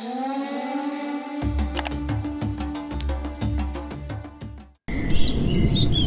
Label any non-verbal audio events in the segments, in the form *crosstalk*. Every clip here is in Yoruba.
Thank you.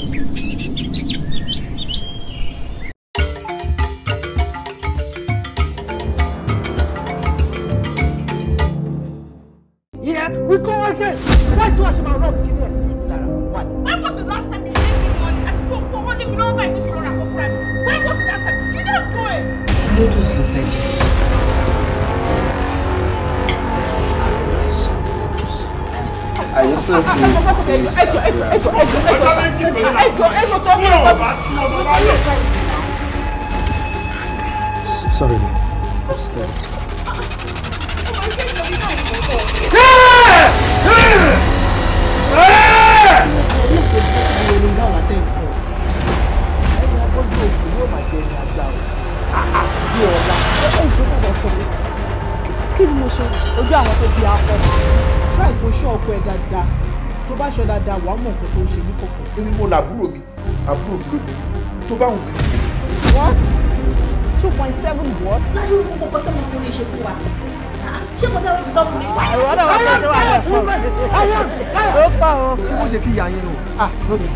ṣe kí ìyá yín nù ah no dey.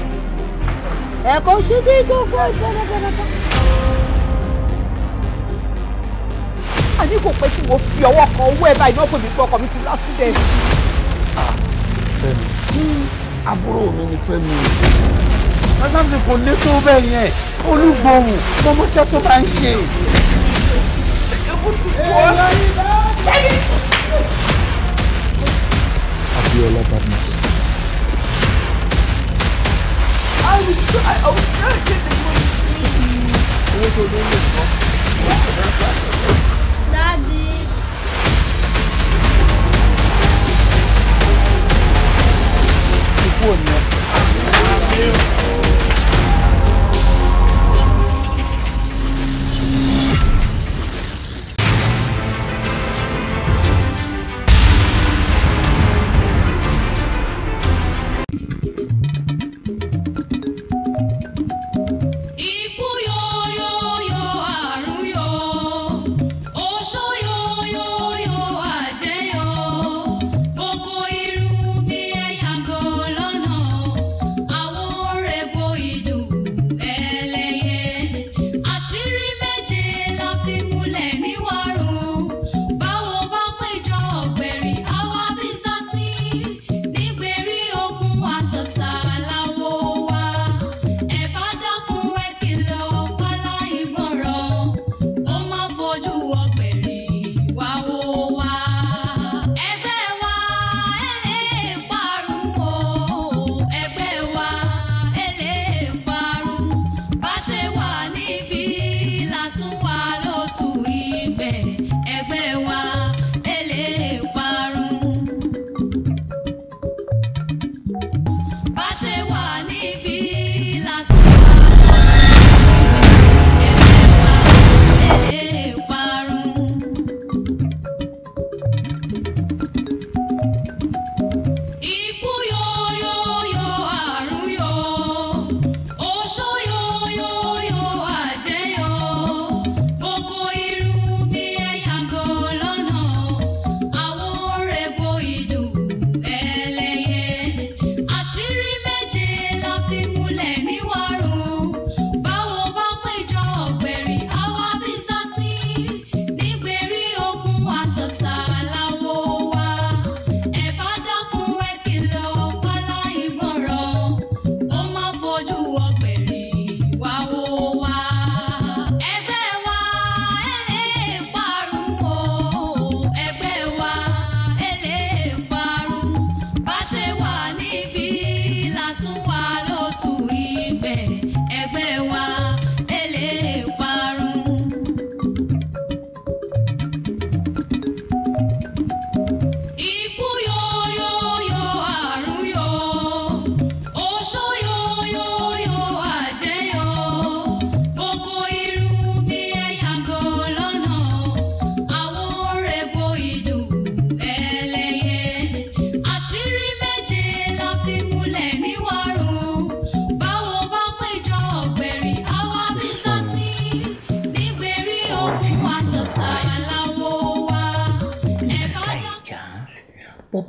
ẹ̀kọ́ ṣe dé gbogbo ìjọba gbọ́dọ̀. àní kò pé tí mo fi ọwọ́ kan owó ẹ̀ báyìí náà pè mí pé ọkọ mi ti lásìdẹ̀ẹ́sì. Ah, fẹ́mi àbúrò mi ni fẹ́mi aláǹdì kò lé tó bẹ́ẹ̀ yẹn olúgbòhùn mo tó bá ń ṣe. Abiola Badmus. I was trying to Get this one. Oh, God.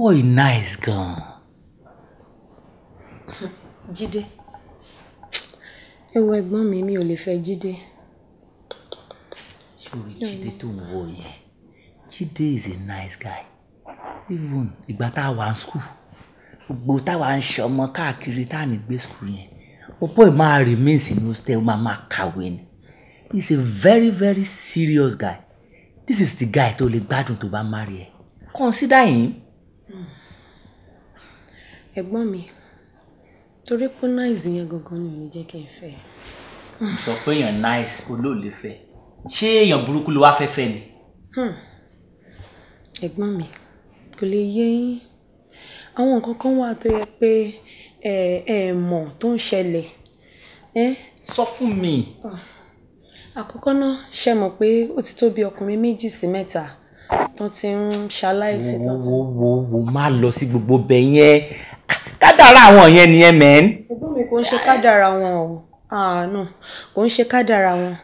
boy nice gan. Jide. ẹ wo ẹ̀gbọ́n mi mi ò lè fẹ́ Jide sórí jíde tó ń wò yẹn jíde is a nice guy even ìgbà tá a wà ní school gbogbo táwa ń ṣe ọmọ káàkiri tá à ní gbé school yẹn pọpọ ẹ máa remain sínú hostel máa máa kàwé ni he a very very serious guy this is the guy tó lè gbádùn tó bá marry ẹ consider him ẹ̀gbọ́n mi torí pé nice yẹn gangan ni ò ní jẹ́ kí n fẹ́. sọ pé èèyàn nice olóòlè fẹ́ ṣé èèyàn burúkú ló wá fẹ́ fẹ́ ni. Hmm. ẹ̀gbọ́n mi kò lè yé yín àwọn nǹkan kan wà tó yẹ pé ẹ ẹ mọ̀ tó ń ṣẹlẹ̀. sọ fún mi. Ah. àkọ́kọ́ náà ṣe mọ̀ pé ó ti tó bí ọkùnrin méjì sí mẹ́ta tó ti ń ṣaláìsí tó ti. wo wo wo má lọ sí gbogbo bẹ́ẹ̀ yẹn kádàrá àwọn yẹn nìyẹn mẹ́n. ẹ̀gbọ́n mi kò ń ṣe kádàrá wọn o àánú kò ń ṣe kádàrá wọn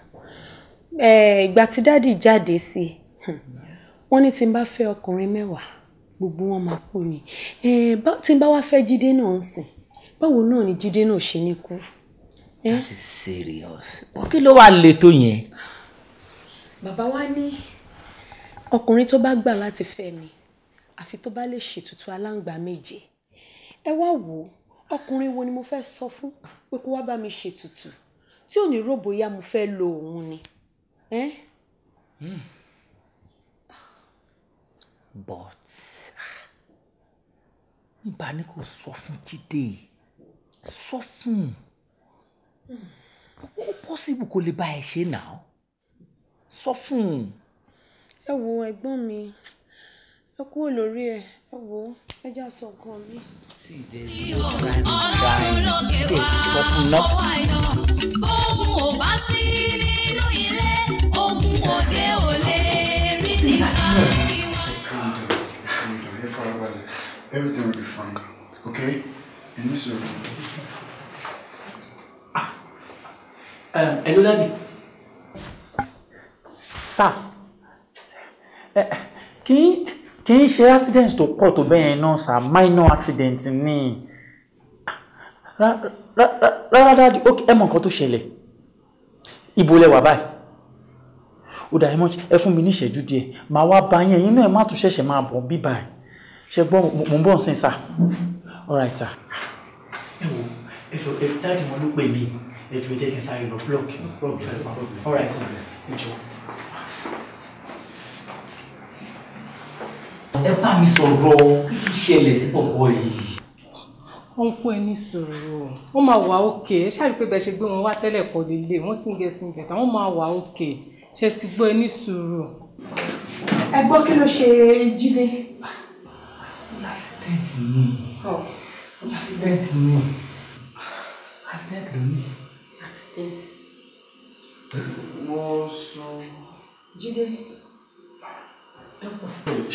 ìgbà tí dáàdì jáde sí i hmm, wọ́n ní tí n bá fẹ́ ọkùnrin mẹ́wàá gbogbo wọn máa kú ni tí n bá wá fẹ́ jíde náà ń sìn báwo náà ni jíde náà ṣe ní kú. that is serious. kí ló wàá le tó yẹn. bàbá wa ní ọkùnrin tó bá gbà láti fẹ́ mi àfi tó bá lè ṣètùtù aláǹgbá méje ẹ wá wò ó ọkùnrin wo ni mo fẹ́ sọ fún pé kó wá bá mi ṣètùtù tí ò ní rò bóyá mo fẹ́ lo òun ni. Hmm. but ah, nba ni kò sọ fún Jídé sọ fún ó possible kó lè bá ẹ ṣe náà sọ fún. ẹ wo ẹ̀gbọ́n mi ẹ kúrò lórí ẹ wo ẹja sọ kan mi. ọlọ́run lókè wá ọwọ́ ayọ̀ ogun ò bá sí nínú ilé ogun òde ò lè rí nípa ìwà. Everything will be fine, okay? And this will be fine. Ah. Um, hello, Daddy. Sir. Uh, can you kì í ṣe accident tó pọ̀ tó bẹ́ẹ̀ náà sà minor accident ni rárá dáàdi ó ẹ mọ nǹkan tó ṣẹlẹ̀ ibo lẹ wà báyìí ó dà ẹ fún mi ní ìṣẹ́jú díẹ̀ màá wá bá yẹn yín náà ẹ má tún ṣẹ̀ṣẹ̀ máa bọ̀ bí báyìí ṣe gbọ́ mò ń bọ̀ sí sà all right sa. ẹ wo ètò ètò táàdì wọn ló pè mí ètò ìjẹ́kẹsà ìlọ blọọkì blọọkì all right sà ẹ jọ. ẹ bá mi sọ̀rọ̀ kí ló ṣẹlẹ̀ sí pọ̀pọ̀ yìí. ọ̀npọ̀ ẹni sọ̀rọ̀ wọ́n máa wà òkè ẹ ṣáà rí pé bẹ́ẹ̀ ṣe gbé wọn wá tẹ́lẹ̀ kọ́ lélẹ̀ wọ́n ti ń gẹ̀ ti ń bẹ̀tà wọ́n máa wà òkè ṣe ti gbọ́ ẹni sọ̀rọ̀. ẹ gbọ́ kí ló ṣe jíde. lásìdẹ̀ntì mi lásìdẹ̀ntì mi lásìdẹ̀ntì mi. lásìdẹ̀ntì. wọ́n sọ. jíde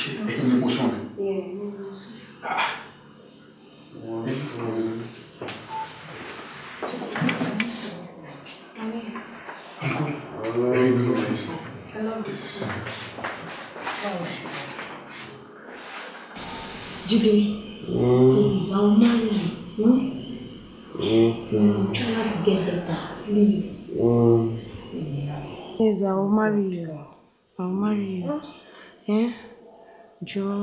ṣe ẹyin ni mo sùn ni. wọ́n ah, rí fún un. Uncle, very good office. I love this so much. Jídé, hmm. please, I'll marry you. Hmm? Mm. Try not to get better, please. Mm. Please, I'll marry you. I'll marry you. Huh? Hmm eh? jọ̀ọ́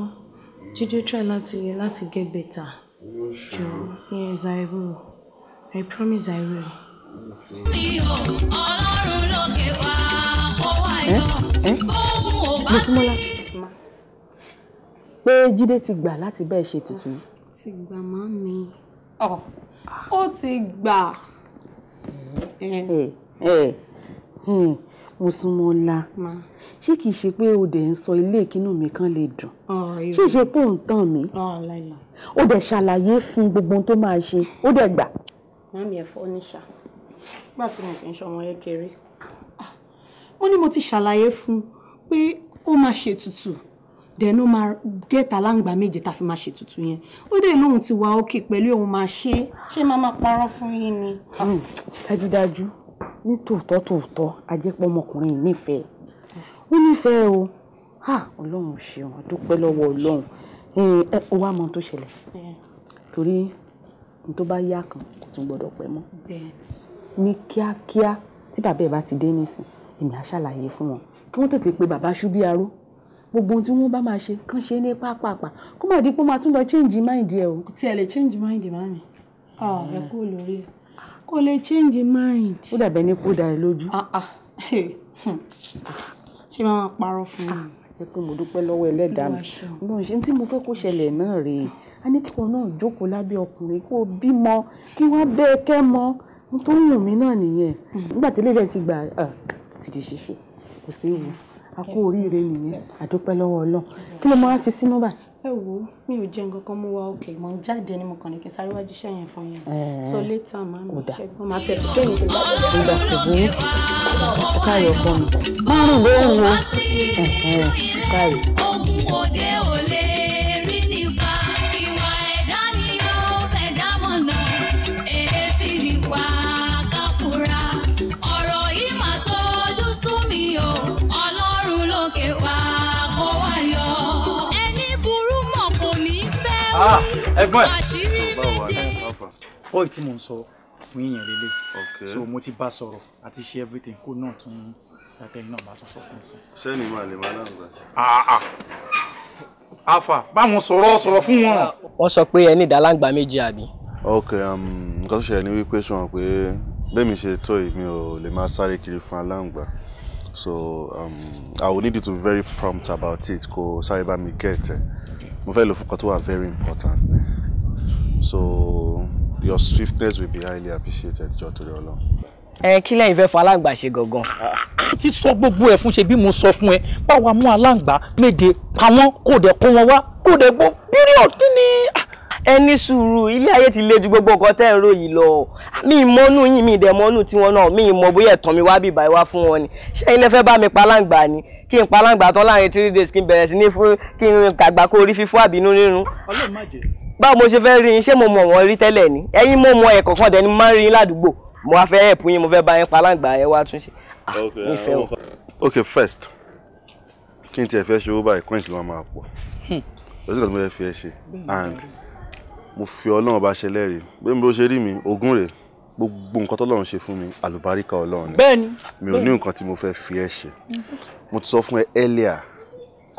Jide try láti láti get better jọ̀ọ́ yes I will I promise I will. Ọlọ́run lókè wá kó eh? wáyọ̀ bóun eh? ò bá sí pé Jídé ti gbà láti bẹ́ẹ̀ ṣe tuntun yìí. ti gbà máa mi. ọ ó ti gbà. Mosúnmọ́lá ṣé kìí ṣe pé o dẹ̀ ń sọ ilé ìkínú mi kan lè dùn ṣé ṣe pé ò ń tàn mí o dẹ̀ ṣàlàyé fún gbogbo ohun tó máa ṣe o dẹ̀ gbà. mami ẹ̀fọ́ níṣà nígbà tí mo fi ń ṣọmọ kékeré wọ́n ah, ní mo ti ṣàlàyé fún pé ó máa ṣètùtù dẹ̀nu máa gẹ́ta láǹgbà méje tá a fi máa ṣètùtù yẹn ó dẹ̀ lóhun ti wà òkè pẹ̀lú òun máa ṣe é ṣé máa máa parọ́ fún yín ni. Hmm, dájúdájú ní tòótọ́ tòótọ́ ajẹ́pọ̀ ọmọkùnrin nífẹ̀ẹ́ ó nífẹ̀ẹ́ o ọlọ́run ṣeun àdúpẹ́ lọ́wọ́ ọlọ́run ẹ ó wá mọ tó ṣẹlẹ̀ torí n tó bá yá kan kò tún gbọ́dọ̀ pẹ́ mọ́ ní kíákíá tí bàbá ẹ̀ bá ti dé nísìn èmi á ṣàlàyé fún wọn kí wọ́n tètè pe bàbá ṣubí aró gbogbo ohun tí wọ́n bá máa ṣe kán ṣe ní pápápá kó má di pé ó máa tún lọ change mind ẹ o. kò tiẹ̀ lè change mind mami ah. ẹ kú lórí ẹ kò lè change mind. ó dàbẹ̀ ní kó dá ẹ lójú. Ah, ah. *laughs* Hmm ṣé máa máa parọ́ fún mi. Ah, ẹ pé mo dúpẹ́ lọ́wọ́ ẹlẹ́dàá mi náà ṣe tí mo fẹ́ kó ṣẹlẹ̀ náà rèé a ní kí wọn náà jókòó lábẹ́ ọkùnrin kó bímọ kí wọ́n bẹ́ẹ̀ kẹ́ mọ tó ń wù mí náà nìyẹn hmm. nígbà tí eléyìí ti gbà ah, ti di ṣíṣe kò sí ewu a kú oríire nìyẹn a dúpẹ́ lọ́wọ́ Ọlọ́run kí ló máa fi sí nọ́mbà ẹ wo mi ò jẹ nǹkan kan mo wá òkè mo ń jáde ni mo kàn ní kí n sáré wá jíṣẹ́ yẹn fún yín so later máa mi ṣẹgbọn máa tẹsí tó yìí kò bá ìgbà kò burú káyọ̀ ọkọ mi má rìn lóhùn wọn káyọ̀. ẹ̀gbọ́n ẹ̀. bọ́ọ̀lù tí mò ń sọ fún yíyan lélẹ̀ so mo ti bá sọ̀rọ̀ àti ṣe everything kó náà tún látẹ̀yìn náà máa tún sọ fún ìsìn. sẹ́ni máa lè máa láǹgbà. àfà ah, ah. báwọn sọ̀rọ̀ sọ̀rọ̀ fún wọn. wọ́n sọ pé ẹni ìdálàǹgbà méjì àbí. ok um, nǹkan tó ṣẹlẹ̀ ni wípé ṣe wọn pé bẹ́ẹ̀ mi ṣe tó yìí ò lè máa sáré kiri fún aláǹgbà so um, I will need you to be very prompt about it kó sáré bá mi get it. Eh mo fẹ́ lo fọkàn tó very important ni so your swiftness will be highly appreciated jọ torí Ọlọ́run. ẹ kí lẹ́yìn fẹ́ fún aláǹgbá ṣe gangan. Ah, ti sọ gbogbo ẹ fún ṣe bí mo sọ fún ẹ báwa mú aláǹgbá méje pa wọn kó dẹ kó wọn wá kó dẹ gbó period kí ni. Ah, ẹ ní sùúrù ilé ayé ti lé ju gbogbo nǹkan tẹ́ ń ròyìn lọ mi ìmọ̀nù yín mi ìdẹ̀mọ́nù tiwọn náà mi ìmọ̀ bóyá ẹ̀tàn mi wá bí ìbá wá fún wọn ni ṣẹ́yìn lẹ́fẹ́ bá mi palangba ni kí n palangba tán láàrin three days kí n bẹ̀rẹ̀ sí ní fún kí n kàgbà kó orí fífọ́ àbínú rírun. báwo mo ṣe fẹ́ rí yín ṣé mo mọ̀ wọ́n rí tẹ́lẹ̀ ni ẹ̀yin mo mọ ẹ̀kọ́ kan dẹni máa ń rí yín ládùúgbò mo wá fẹ́ ẹ̀pù yín mo fẹ́ bá yín palangba ẹ wá túnṣe. Ah, okay first kí n tiẹ̀ fẹ́ ṣe owó báyìí coins ló máa pọ̀ lọ́sọ̀rọ̀ hmm. mo fẹ́ fi ẹ ṣe and mo fi ọlọ́run bá ṣe lẹ́rìí bí mo ṣe rí mi ogún rèé gbogbo nǹkan tọ́lọ́run ṣe fún mi àlùbáríkà ọlọ́run ni bẹ́ẹ̀ni mi ò ní nǹkan tí mo fẹ́ fi ẹ́ ṣe mo ti sọ fún ẹ earlier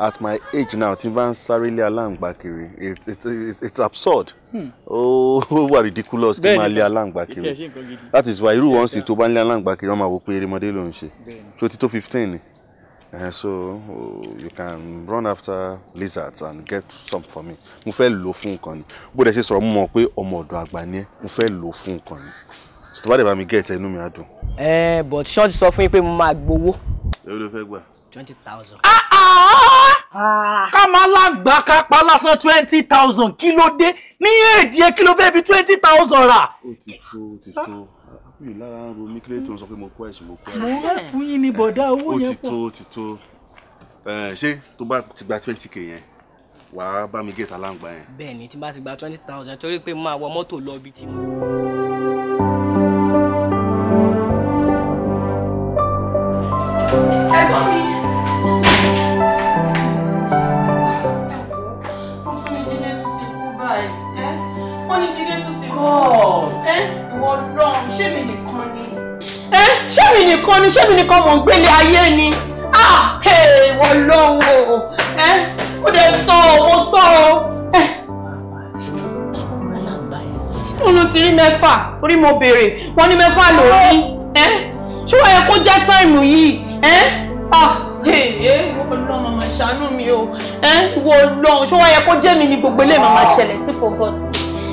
at my age now tí n bá ń sáré lé aláǹgbá kiri it's it's it's absurd hmm. ó wà ridiculous kí n máa lé aláǹgbá kiri that is why irú wọn sì tó bá ń lé aláǹgbá kiri wọn máa wò pé erémọdé ló ń ṣe tó ti tó fifteen ni. Uh, so uh, you can run after lizards and get some for me mo fẹ́ lò fún nǹkan ni bó dẹ̀ ṣe sọ̀rọ̀ mo mọ̀ pé ọmọ ọ̀dọ̀ àgbà ni ẹ́ mo fẹ́ lò fún nǹkan ni tó bá dẹ̀ bá mi gẹ̀ tẹ inú mi á dùn. ẹ eh, but ṣọ́ọ̀tì sọ fún yín pé mo máa gbowó. èyí ló fẹ́ gbà. twenty thousand. Ah, ah! Ah. ká máa láǹgbà ká pa lásán twenty thousand kí ló dé ní èjì ẹ kí ló fẹ́ fi twenty thousand rà. ó ti tó ó ti tó mi lára ń ro mí kílẹ̀ tó ń sọ pé mo kó ẹ̀sìn mo kó ẹ̀sìn. mo wá fún yín ní bọ̀dá owó yẹn pọ̀. ó ti tó ti tó eh, ṣé tó bá ti gba twenty k yẹn wà á bá mi gé ta láǹgbá yẹn. bẹ́ẹ̀ni tí bá ti gba twenty thousand torí pé máa wọ mọ́tò lọ ibi tí mo. ẹ̀gbọ́n mi. nìkan ni ṣé mi nìkan mò ń gbélé ayé ni ah wọ́n lọ́wọ́ ẹ mo dẹ̀ sọ ọ́ mo sọ ọ́ ẹ. ti rí mẹ́fà orí mo béèrè wọ́n ní mẹ́fà ló rí ẹ ṣé kó jẹ́ táìmù yìí ah wọ́n lọ́ màmá ṣàánú mi o ẹ wọ́n lọ́ ṣé wọ́n kó jẹ́ mi ni gbogbo eléyìí màmá ṣẹlẹ̀ sí for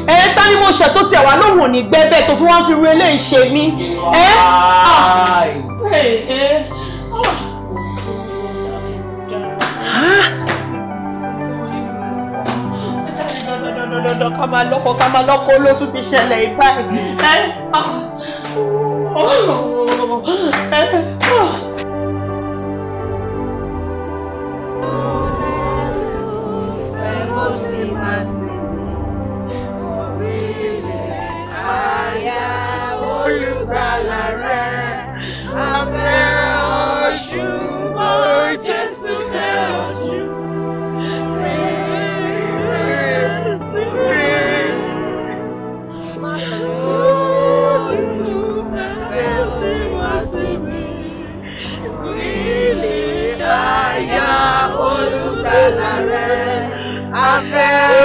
ẹ tá ni mo ṣẹ̀ tó tiẹ̀ wá lóhùn ò ní gbẹ́bẹ́ tó fún wá fi ru eléyìí ṣe mí. ẹ ẹ ah. dandan ká máa lọ́kọ ká máa lọ́kọ ló tún ti ṣẹlẹ̀ ìbáyìí. Ah. I'll Amen.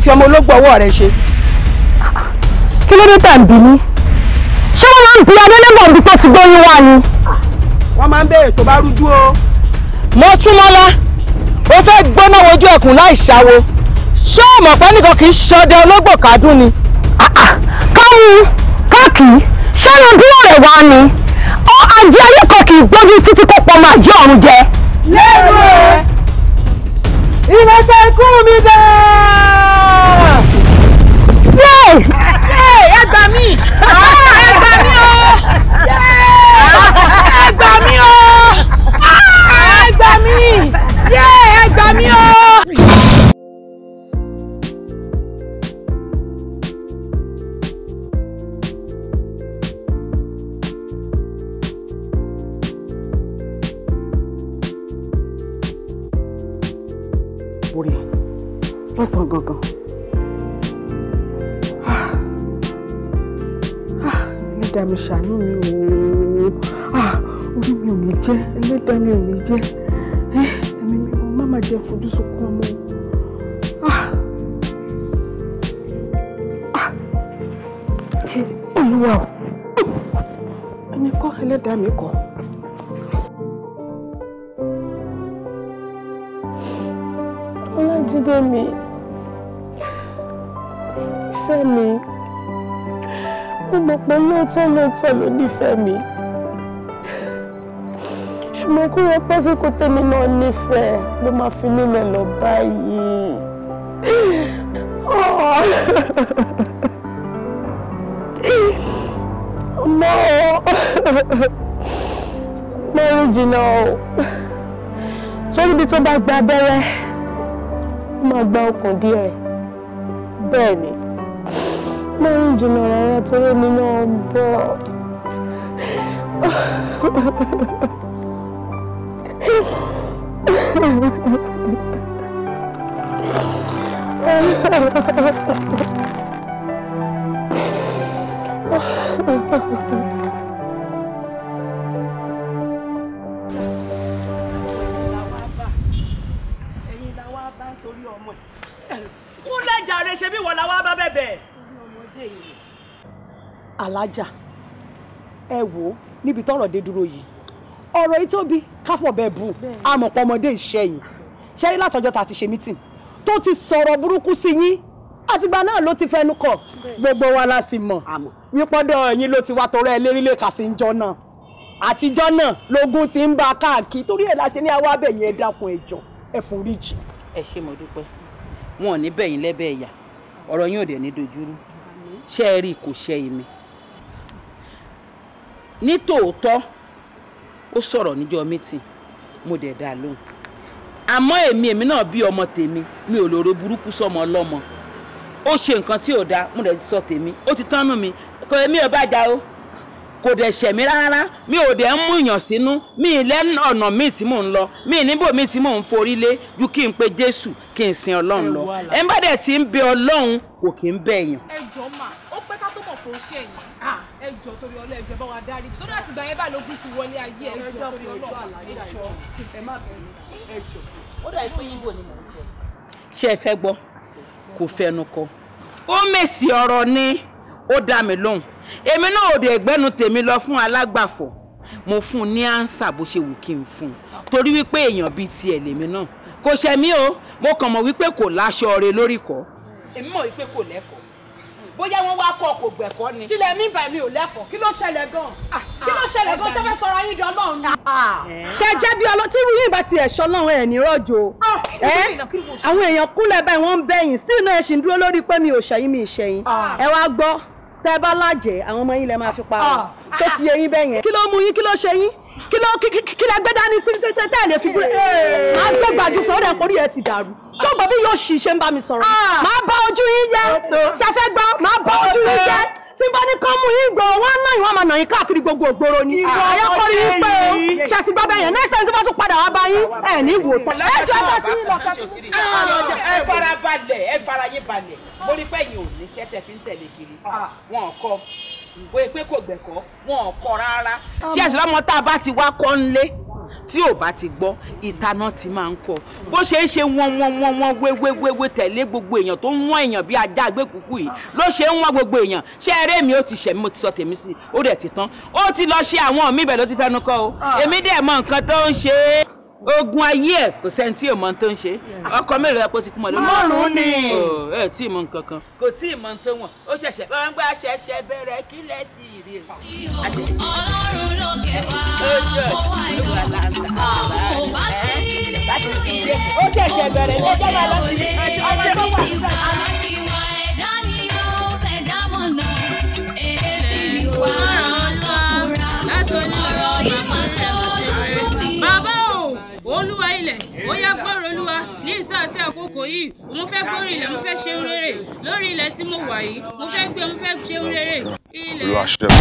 fẹ́ fi ọmọ ológun ọwọ́ rẹ ṣe. kí ló dé tà ń bí ní. ṣé wọ́n máa ń bí adélébọ̀ bí tó ti gbóyún wá ni. wọ́n máa ń béèrè tó bá rújú o. mo súnmọ́lá ó fẹ́ gbóná wojú ẹkùn láì ṣàwo ṣé o mọ̀ nìkan kì í ṣọdẹ ológbò kádùn ni. káwù káàkì ṣé ló bí ọ̀rẹ́ wa ni ọ ajé ayé kan kì í gbójú títí kó pọ̀ máa jẹ́ ọ̀run jẹ. lẹ́nu ìrẹsẹ̀ ikú mi dá lóòótọ́ ló nífẹ̀ẹ́ mi ṣùgbọ́n kó yẹ pásíkò tèmi náà nífẹ̀ẹ́ ló máa fi nílẹ̀ lọ báyìí. ọmọ mẹ́rin jìnnà o sórí ibi tó bá gba abẹ́rẹ́ ó máa gba ọkàn díẹ̀ bẹ́ẹ̀ ni mẹ́rin jìnnà rẹ̀ torí mi náà ń alájà ẹ wò ó níbi tọ́rọ̀ dé dúró yìí ọ̀rọ̀ yìí tóbi káfọ̀bẹ bù amọ̀pọ̀ ọmọdé ìṣẹ́yìn ṣẹ́rí látọjọ́ tá a ti ṣe mítìn tó ti sọ̀rọ̀ burúkú sí yín àtìgbà náà ló ti fẹnu kọ gbogbo wa la sì mọ̀ wípọ́dọ̀ yín ló ti wá tọrọ ẹ lérí lè kà sí ń jọ náà àtijọ́ náà lógún ti ń bá a káàkiri torí ẹ̀ láti ní àwa bẹ̀yìn ẹ dákun ẹ jọ ẹ foríjì. ẹ ṣé mo dúpẹ́ wọn ò ní bẹ̀yìn lẹ́bẹ̀ẹ́ yà ọ̀rọ̀ yín ò dẹ̀ ní dojúrú ṣé ẹ rí kò ṣe èmi ní tòótọ́ ó sọ̀rọ̀ níjọ́ mítìn mo dẹ̀ dá lóhùn àmọ́ èmi èmi náà bí ọmọ tèmi mi ò lòrò burúkú sọmọ ọlọ́mọ ó ṣe nǹkan tí ò dáa mo dẹ̀ sọ tèmi ó ti tán nù mi kò èmi ò bá jà o kò dẹ̀ ṣẹ̀ mí rárá mi ò dẹ̀ ń mú ìyàn sínú mi ì lẹ́nu ọ̀nà míì tí mò ń lọ mi ì níbò míì tí mò ń forí lé ju kí n pe Jésù kí n sin Ọlọ́run lọ ẹ ń bá dẹ̀ tí ń bẹ Ọlọ́run kò kí ń bẹ èèyàn. ẹ jọ mà ó pẹ́ ká tó mọ̀ kó ṣe yẹn ẹ jọ torí ọlọ ẹ jọ bá wa dárí torí àti ìgbà yẹn bá lógún ti wọlé ayé ẹ jọ torí ọlọ ẹ jọ ẹ kò fẹnu kọ ó mèsì ọ̀rọ̀ ni ó dá mi lóhùn èmi náà ò dé gbẹ́nu tèmi lọ fún alágbàfọ̀ mo fún un ní ánsà bó ṣe wù kí n fún un torí wípé èèyàn bíi tiẹ̀ lèmi náà kò ṣe mí o mo kàn mọ̀ wípé kò láṣọ ọ̀rẹ́ lórí kọ́. èmi mọ̀ wípé kò lẹ́kọ̀ọ́ bóyá wọ́n wá kọ́ kò gbẹ̀kọ́ ni. kí lẹ mí bàmí ò lẹ́kọ̀ọ́ kí ló ṣẹlẹ̀ gan-an ah, ah, kí ló ṣẹlẹ̀ gan-an ṣe fẹ́ sọ̀rọ̀ ayé di ọlọ́run ni. Ah, ṣe jẹ́ bí ọlọ́ tí rúyìn bá ti ẹ̀ṣọ́ lọ́run ẹ̀ ní rọ́jò àwọn èèyàn kúnlẹ̀ báyìí wọ́n ń bẹ̀yìn sí iná ẹ̀ṣìn dúró lórí pé mi ò ṣẹ̀yìn mi ìṣẹ̀yìn ẹ wá gbọ́ tẹ bá lájẹ àwọn ọmọ yín lẹ máa fi pa ọ ah. ṣé ti yẹ yín bẹ́ẹ̀ yẹn. kí ló mú yín kí ló ṣe yín kí ló kí lẹ gbé dání tí tẹ tẹ lè fi gbé. máa gbé gbàdúrà fún ọ̀rẹ́ àkórí ẹ ti dàrú tó bọ̀ bí yóò ṣì ṣe ń bá mi sọ̀rọ̀ ah. máa bá ojú yín jẹ́ ṣàfẹ́ gbọ́ máa bá ojú yín jẹ́ tí bá ní kán mú yín gbọ́ wọn náà ìwọ́n máa nà yín káàkiri gbogbo ògbóró ni. ìwọ ayọ́kọ́rí ah, yín pé o ṣàṣì gbọ́ bẹ́yẹn next time tí wọ́n tún padà wá bá yín ẹ̀ ní wò tán. ẹ jọ ẹ bá ti ń lọ kẹ́kọ̀ọ́. Ah, ẹ fara balẹ̀ ẹ fara yín balẹ̀ mo ní pẹ́yìn ò níṣẹ́ tẹ̀ fi ń tẹ̀lé kiri ah. wọn kọ́ ìwé pé kò gbẹ̀kọ́ wọn kọ́ rárá. ṣé ẹ̀sìn lọ́mọ tá a bá ti wá kọ́ ń lé tí ò bá ti gbọ́ ìtaná ti máa ń kọ bó ṣe ń ṣe wọn wọn wọn wọn wéwéwéwé tẹ̀lé gbogbo èèyàn tó ń wọ́n èèyàn bí ajá àgbékùkù yìí ló ṣe ń wọ́n gbogbo èèyàn ṣé eré mi ó ti ṣẹ̀ mi mo ti sọ tèmi sí i ó dẹ̀ ti tán ó ti lọ ṣe àwọn mi ibẹ̀ ló ti fẹnu kọ́ o ah. èmi dẹ̀ mọ nǹkan tó ń ṣe é ogun ayé ẹ kò sẹ́ni tí èèmọ̀ tó ń ṣe ọkọ mélòó ẹ̀pọ̀ ti kú mọ́ márùn-ún ni ẹ tí ì mọ kò tí ì tó wọn ó ṣẹ̀ṣẹ̀ bá ń gbà ṣẹ̀ṣẹ̀ bẹ̀rẹ̀ kí lẹ́ ti rí ẹ. ọlọ́run ló kẹ wá owó ayọ̀ àwọn bá sí nínú ilé ó ṣẹ̀ṣẹ̀ bẹ̀rẹ̀ ní ọjọ́ bá lọ́sí ọjọ́ tó wà nígbà Wow olúwa ilẹ̀ ó yá gbọ́rọ̀ olúwa ní ìsáà tí àkókò yìí mo fẹ́ gbórin ilẹ̀ mo fẹ́ ṣe ohun rere lórí ilẹ̀ tí mo wà yìí mo fẹ́ gbé mo fẹ́ ṣe ohun rere ilẹ̀. olúwa ṣẹ́gun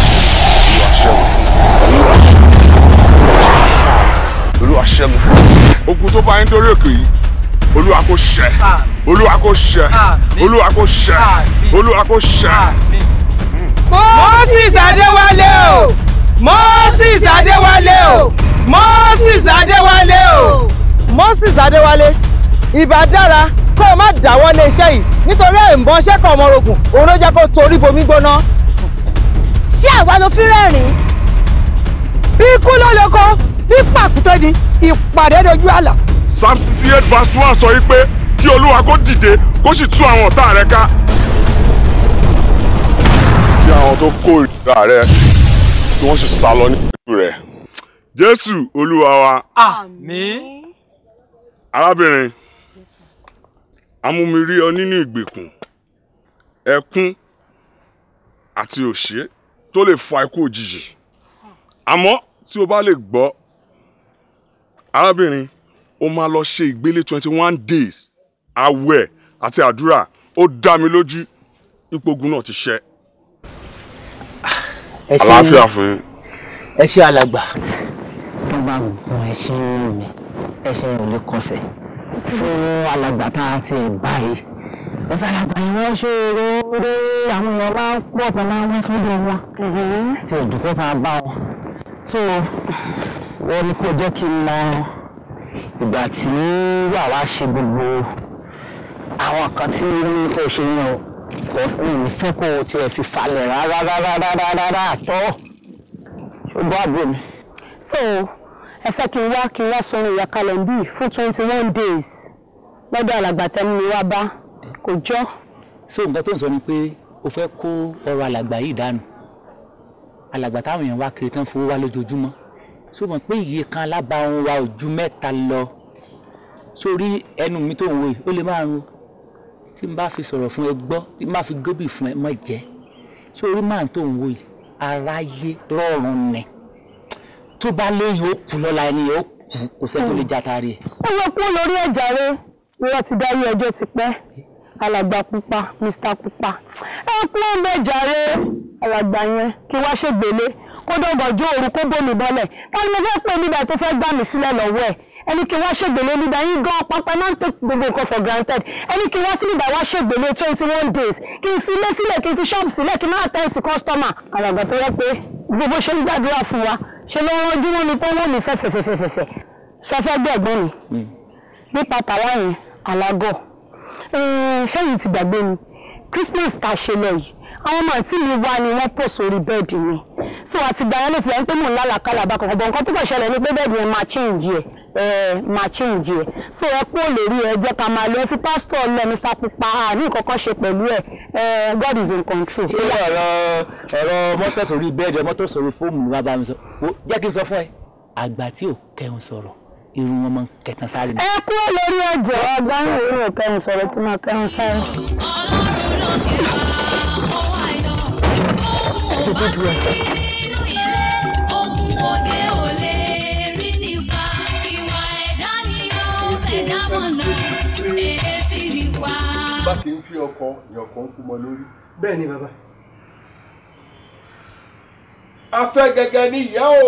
olúwa ṣẹ́gun olúwa ṣẹ́gun olúwa ṣẹ́gun fún mi ogun tó bá ń dórí òkè yìí olúwa kò ṣẹ́ olúwa kò ṣẹ́ olúwa kò ṣẹ́ olúwa kò ṣẹ́. Moses Adéwálé o Moses Adéwálé o. Moses Adéwálé o Moses Adéwálé ìbá dára kó o má dáwọ́lé iṣẹ́ yìí nítorí àìmọ́ṣẹ́ kan ọmọrogùn òun ló jẹ́ kó torí bomi gbóná. ṣé àwa ló fi rẹ́rìn-ín. ikú ló lóko ní pàkúté ni ìpàdé dojú àlà. psalm sixty eight verse one sọ yìí kí olúwa kó dìde kó sì tú àwọn ọ̀tá rẹ̀ ká. kí àwọn tó kó ìdá rẹ kí wọ́n sì sá lọ nípínlẹ̀ rẹ̀ jésù olúwa wa. àmín. arábìnrin amúmirí ọ nínú ìgbèkùn ẹkún àti òṣè tó lè fa ikú òjijì àmọ́ tí o bá lè gbọ́ arábìnrin o máa lọ ṣe ìgbélé twenty one days àwẹ̀ àti àdúrà ó dá mi lójú ipogun náà ti ṣẹ. àlàáfíà fún yín. ẹ ṣe alàgbà nǹkan ẹṣin rìn mí ẹṣin ò lè kọsẹ̀ fún alàgbà tá a ti báyìí ọ̀sẹ̀ alàgbà yìí wọ́n ṣòro lórí àwọn èèyàn wá pọ̀ pẹ̀lú àwọn ẹ̀kọ́jọ́ wọn tí òdùkọ́ ta bá wọn so wọ́n ní kó jẹ́ kí n mọ ìgbà tí wàá ṣe gbogbo àwọn kan tí wọ́n ní kó ṣe yẹn o kò ní fẹ́ kó o tiẹ̀ fi falẹ̀ rárá rárá rárá rárá àtọ́ ṣùgbọ́n àbúrò mi. so ẹ fẹ́ kí n wá kí n wá sọrun ìyàkalẹ̀ ń bì fún twenty one days lọ́dọ̀ alàgbà tẹ́mu ni wá bá kò jọ́. so nǹkan tó ń sọ ni pé o fẹ́ kó ọrọ̀ alàgbà yìí dànù alàgbà táwọn èèyàn wá kiri tán fowó wá lójoojúmọ́ so mọ̀ pé iye kan alábàáhùn wa ò ju mẹ́ta lọ sórí ẹnu mi tó ń wòye ó lè máa rún tí n bá fi sọ̀rọ̀ fún ẹ gbọ́ tí n bá fi góbì fún ẹ mọ̀ jẹ́ sórí máà tó ń wòye aráyé rọrùn ni. So, tó bá léyìn ó kù lọ́la ẹni yóò kù kò sẹ́ni tó lè játa rí ẹ. ó yẹ kó lórí ẹ̀jà rẹ wọ́n ti darí ẹjọ́ ti pẹ́ alàgbà pupa mr pupa ẹ kú ọmọ ẹ̀jà rẹ alàgbà yẹn kí wá ṣègbélé kó dọ̀gànjọ́ òru kó bómi bọ́lẹ̀ ká ló fẹ́ pè nígbà tó fẹ́ gbà mí sílẹ̀ lọ́wọ́ ẹ̀ ẹni kí wá ṣègbélé nígbà yín gan pápá máa ń tẹ gbogbo nǹkan for granted ẹni kí wá sí nígbà wá ṣègbélé twenty one days kí n fi ilé sílẹ̀ kí n fi ṣọ́ọ̀bù sílẹ̀ kí n máa tẹ̀ sí kọ́sítọ́mà tó yẹ pé gbogbo ṣe ń gbàdúrà fún wa ṣe ló rọjú wọn ni pé wọn mi fẹsẹfẹsẹfẹsẹ ṣọfẹ gbẹgbọn mi nípa tàwa yẹn alágọ ṣẹyìn ti gbàgbé ni Christmas ta ṣe lọ yìí àwọn ọmọ àti mi wá ni wọ́n pò sórí bẹ́ẹ̀dì mi so àtìgbà yẹn ló fi wáyé pé mò ń lálàkàlà bá kankan bọ̀ nǹkan tó kàn ṣẹlẹ̀ ni pé bẹ́ẹ̀dì yẹn máa change ẹ̀ eh, máa change ẹ̀ so ẹ kú òlérí ẹ jẹ́ ká máa lọ fi pásítọ̀ lọ Mr. Pupa àní nǹkan ṣe pẹ̀lú ẹ̀ eh, God is in control. ṣé ọ̀rọ̀ ọ̀rọ̀ mọ́tò sórí bẹ́ẹ̀dì mọ́tò sórí fóònù wa bá mi sọ jẹ́ kí n sọ fún ẹ àgbà tí ò kẹun sọ̀rọ̀ irú wọn máa ń kẹtàn sáré. ẹ kú òlérí ẹ jẹ́ ọgbà ń rò ó kẹun sọ̀rọ̀ tó máa kẹun sáré. tó tó dúró. bá ti ń fi ọkàn ní ọkàn ń kú mọ lórí. bẹ́ẹ̀ ni bàbá. afẹ́ gẹ́gẹ́ ni ìyá o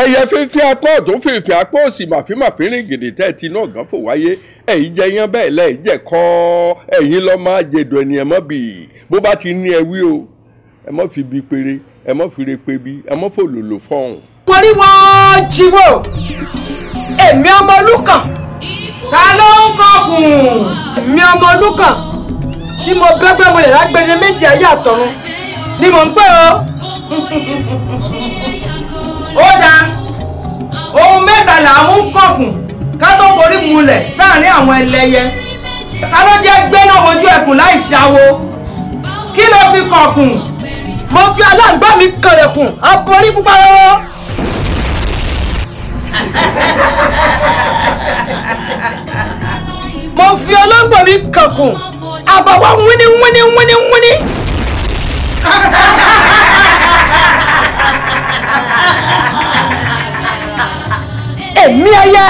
ẹyẹ fífi apá ọ̀tún fífi apá òsì màfímàfí rìn gidi tẹ́ ti náà gán fò wáyé ẹ̀yin jẹ yán bẹ́ẹ̀ lẹ́ẹ̀ jẹ́ kọ́ ẹ̀yin lọ́ máa jẹ̀dọ̀ ènìyàn mọ́ bì í bó bá ti ní ẹ o ẹ mọ́ fi bi péré ẹ mọ́ fi re pé bí ẹ mọ́ fò lòlò fọ́hùn. wọ́n rí wọ́n èmi ọmọ olùkàn ta ló ń kọkùn èmi ọmọ olùkàn tí mo bẹ́gbẹ́ mo lè lágbẹ́ni méjì ayé àtọ̀run ni mò ń pè ọ́. *laughs* ó dáa ohun mẹ́ta là ń mú kọ̀kùn ká tó forí mulẹ̀ sáàrin àwọn ẹlẹ́yẹ ta ló jẹ́ gbéná ojú ẹkùn láì ṣàwo kí ló fi kọ̀kùn. mo fi aláǹgbá mi kànlẹ̀kùn aborí pupa rọ́rọ́. mo fi olóńgbò mi kànkùn àbọ̀wọ́ wíní *laughs* èmi ẹyẹ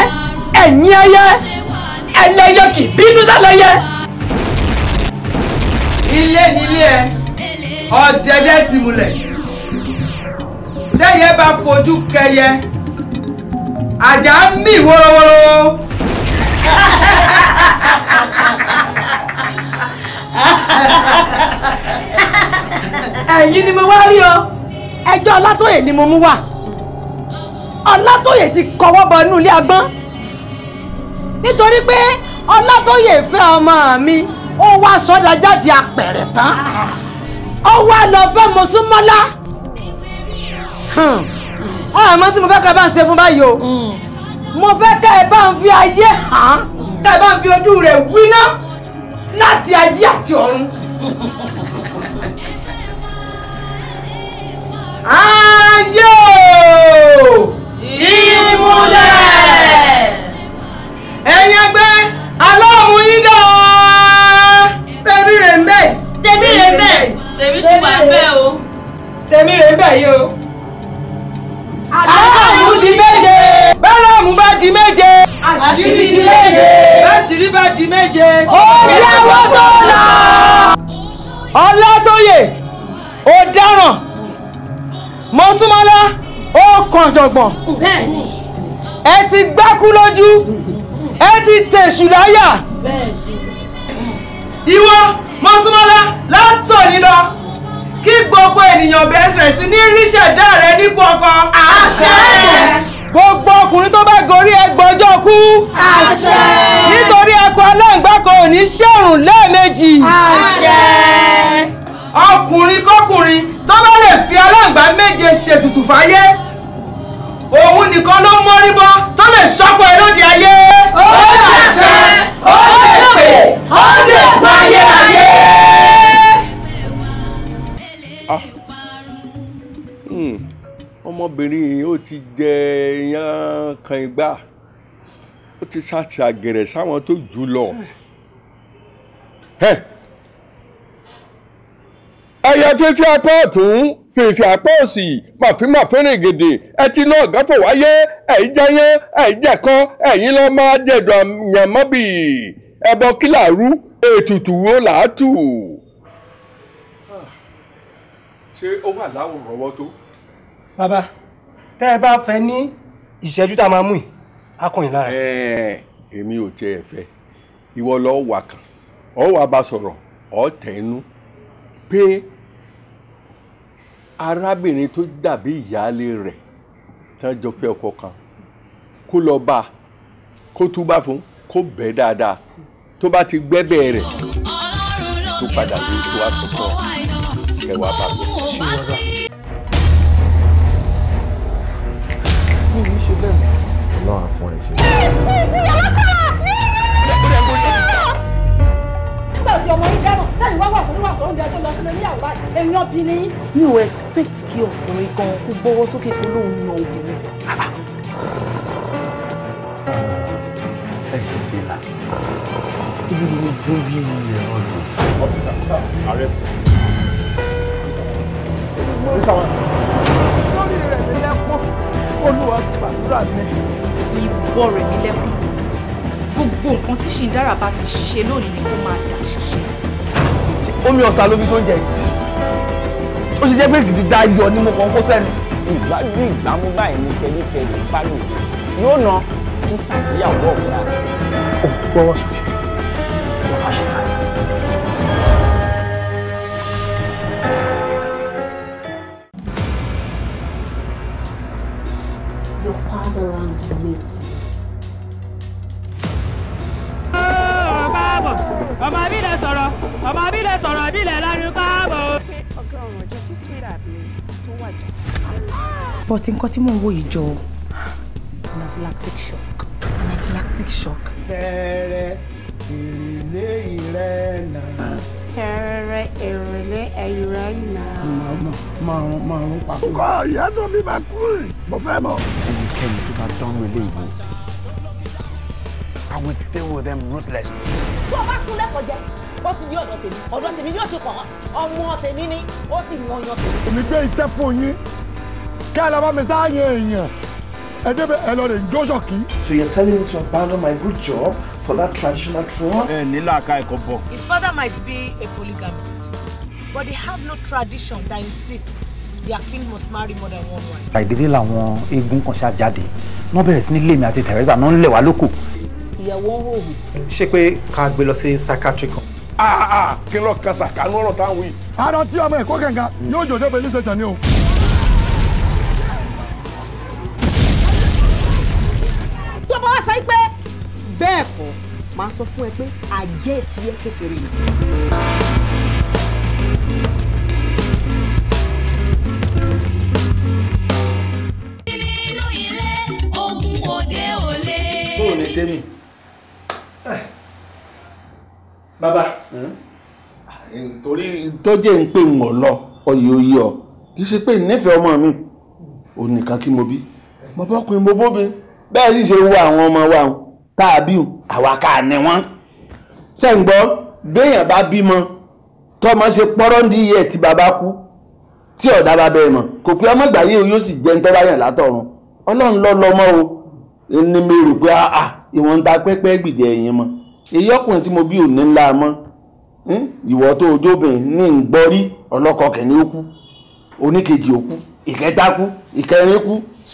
ẹ̀yin ẹyẹ ẹlẹ́yẹ kì í bínú sálẹ́yẹ. ilé nílé ẹ ọ̀dẹ̀dẹ̀ ti múlẹ̀ tẹ́yẹ bá fojú kẹyẹ àjà ń mì wọ́rọ́wọ́rọ́. ẹ̀yin ni mo wá rí o ẹjọ́ ọlátòyè ni mo mú wá ọlátòyè ti kọwọ́ bọ inú ilé agbọ́n nítorí pé ọlátòyè fẹ́ ọmọ mi ó wá sọ́dà jáde àpẹ̀rẹ̀ tán ó wá lọ fẹ́ mọ́súnmọ́lá àmọ́ tí mo fẹ́ kẹ́ bá ń ṣe fún báyìí o mo fẹ́ kẹ́ ẹ bá ń fi ayé hàn kẹ́ ẹ bá ń fi ojú rẹ̀ wíná láti ayé àti ọ̀run ayé o ìmúlẹ̀ ẹ̀yin ẹgbẹ́ alọ́ọ̀mù yín dà ọ́. tèmi rè ń bẹ̀. tèmi rè ń bẹ̀. tèmi ti wà ń bẹ̀ o. tèmi rè ń bẹ̀ yìí o. alọ́ọ̀mù di méje. bẹ́lọ́ọ̀mù bá di méje. àṣírí di méje. bẹ́sìrí bá di méje. ó yẹ wọ́n tó lọ. Ọlátòyè ọ̀daràn mọ́súnmọ́lá ó kàn jọ̀gbọ̀n ẹ ti gbákú lójú ẹ ti tẹ̀sù láyà ìwọ mọ́súnmọ́lá látòní lọ kí gbogbo ènìyàn bẹ̀rẹ̀ sí ní ríṣẹ̀dá rẹ ní kankan. àṣẹ. gbogbo ọkùnrin tó bá gorí ẹgbọ́njọ́ kú. àṣẹ. nítorí akọ aláǹgbá kan ò ní ṣẹ̀rùn lẹ́ẹ̀mejì. àṣẹ. ọkùnrin kọ́kùnrin tó bá lè fi aláǹgbá méje ṣètùtù fáyé òun nìkan ló mórí bọ́ tó lè ṣọ́kọ ẹ lóde ayé. ó dàṣẹ ó lè ó lè ayé ayé. Ah. Hmm. ọmọbìnrin ó ti jẹ iyán kan igbá ó ti sá ti àgẹ̀rẹ̀ sáwọn tó jù lọ ẹyẹ fífi apá ọ̀tún fífi apá òsì màfímàfínrin gèdè ẹtí náà gáfò wáyé ẹ̀yìn jẹyẹ ẹ̀yìn jẹ̀kọ́ ẹ̀yìn lọ́ máa jẹ̀dọ̀ àyànmọ́bì ẹ̀bọ kí ètùtù wo làátù. ṣé ó wà láwòrán tó. bàbá tẹ́ ẹ bá fẹ́ ní ìṣẹ́jú tá a máa mú yìí á kàn yín lára. èmi ò tiẹ̀ fẹ́ ìwọ lọ́ọ́ wà kàn ọ́ wàá bá sọ̀rọ̀ ọ́ tẹ̀ inú pé arábìnrin tó dàbí ìyáálé rẹ̀ tán jọ fẹ́ ọkọ kan kó lọ bá a kó túbà fún kó bẹ́ẹ̀ dáadáa tó bá ti gbẹ́bẹ̀ rẹ̀ tó padà lè tó àtúntò kẹwàá bá mi. mi ò ní ṣe bẹ́ẹ̀ mọ́. ọlọ́run á fún ẹ ṣe. nígbà tí ọmọ yín dáràn táyì wá wàásù ní wàásù oúnjẹ tó lọ sílé níyàwó báyìí èèyàn bí ni. mi ò expect kí ọkùnrin gan kó gbọ́wọ́ sókè kó lóun yan obìnrin. ẹ ṣe ṣe là ibi ni mo dún bí ẹ̀rọ lò. officer sir arrest him. lórí rẹ̀ mi lẹ́kún olúwa gbàdúrà mi. ìbọn rẹ̀ mi lẹ́kún gbogbo nǹkan tí Ṣìndárà bá ti ṣe lónìí ni kó máa dà ṣiṣẹ́. omi ọ̀sà ló fi sóúnjẹ yìí ó ṣe jẹ́ pé kìtì dá yọ ní mo kàn kó sẹ́nu. ìgbádùn ìgbàmú báyìí ni kẹ́ríkẹ́rí bá yóò ná kí sàṣìyàwó ọ̀gá. ó gbọ́wọ́ sókè. but nǹkan tí mò ń wò yìí jọ anaphylactic shock anaphylactic shock. sẹ́rẹ̀ ìrìlé ìrẹ́ náà. sẹ́rẹ̀ ìrìlé ìrẹ́ náà. márùn márùn papò. ọkọ ìyá tó bí máa kú mo fẹ́ mọ̀. ẹnikẹ́ni tó bá dánwó ilé ìwé I will deal with them ruthlessly. Tó o bá tún lẹ́kọ̀ọ́ jẹ, ó ti di ọ̀dọ̀ tèmi. Ọ̀dọ̀ tèmi yóò ti pọ̀. Ọmọ tèmi ni ó sì yan yan tèmi. Èmi gbé iṣẹ́ fún yín kẹ́ bá mi sáàyè èèyàn ẹ débẹ̀ ẹ lọ rè ń jó so you are telling me to abandon my good job for that traditional throne. ẹ nílò àká ẹ̀kọ́ bọ̀. his father might be a polygamist but they have no tradition that insists their king must marry more than one wife. àìdédé làwọn eégún kan ṣàjáde wọn bẹ̀rẹ̀ sí ní lèmi àti Teresa náà ń lẹ̀ wá lóko. ìyàwó ń hòhùn. ṣé pé ká gbé lọ sí psychiatry kan. Ah, ah, ah, kí n lọ kan ṣàkánú ọ̀rọ̀ táwọn yìí. àrùn tí ọmọ ẹ̀kọ́ kankan yóò jòjó pé ní ṣètò ni o. bẹ́ẹ̀ kọ́ màá sọ fún ẹ pé àjẹ́ ìtìyẹ́ kékeré ni. nínú ilé ogun òde òle. tó o lè dé mi. Eh. bàbá hmm? ah, eh, torí tọ́jẹ́ ń pè wọ́n lọ ọyẹ oyè ọ kì í ṣe pé ìnẹ́fẹ̀ẹ́ ọmọ mi ò nìkan kí mo bí mo bọ́kùnrin mo bóbi bẹ́ẹ̀ sì ṣe wo àwọn ọmọ wa tá a bí wọn sẹ́ǹgbọ́ béèyàn bá bímọ tọmọ ṣe pọ́rọ́ ní iye ti bàbá kú tí ọ̀dà bá bẹ̀rẹ̀ mọ̀ kò pé ọmọ ìgbà yóò sì jẹ́ látọ̀run ọlọ́run o ni mi rò pé àà ah, ah, ìwọ̀n ń ta pẹ́pẹ́ gbìdẹ̀ ẹ̀yìn mọ́ èyí ọkùnrin tí mo bí òní ńlá mọ́ hmm? ìwọ tó ní ń ọlọ́kọ kẹ̀ní ó kú oníkejì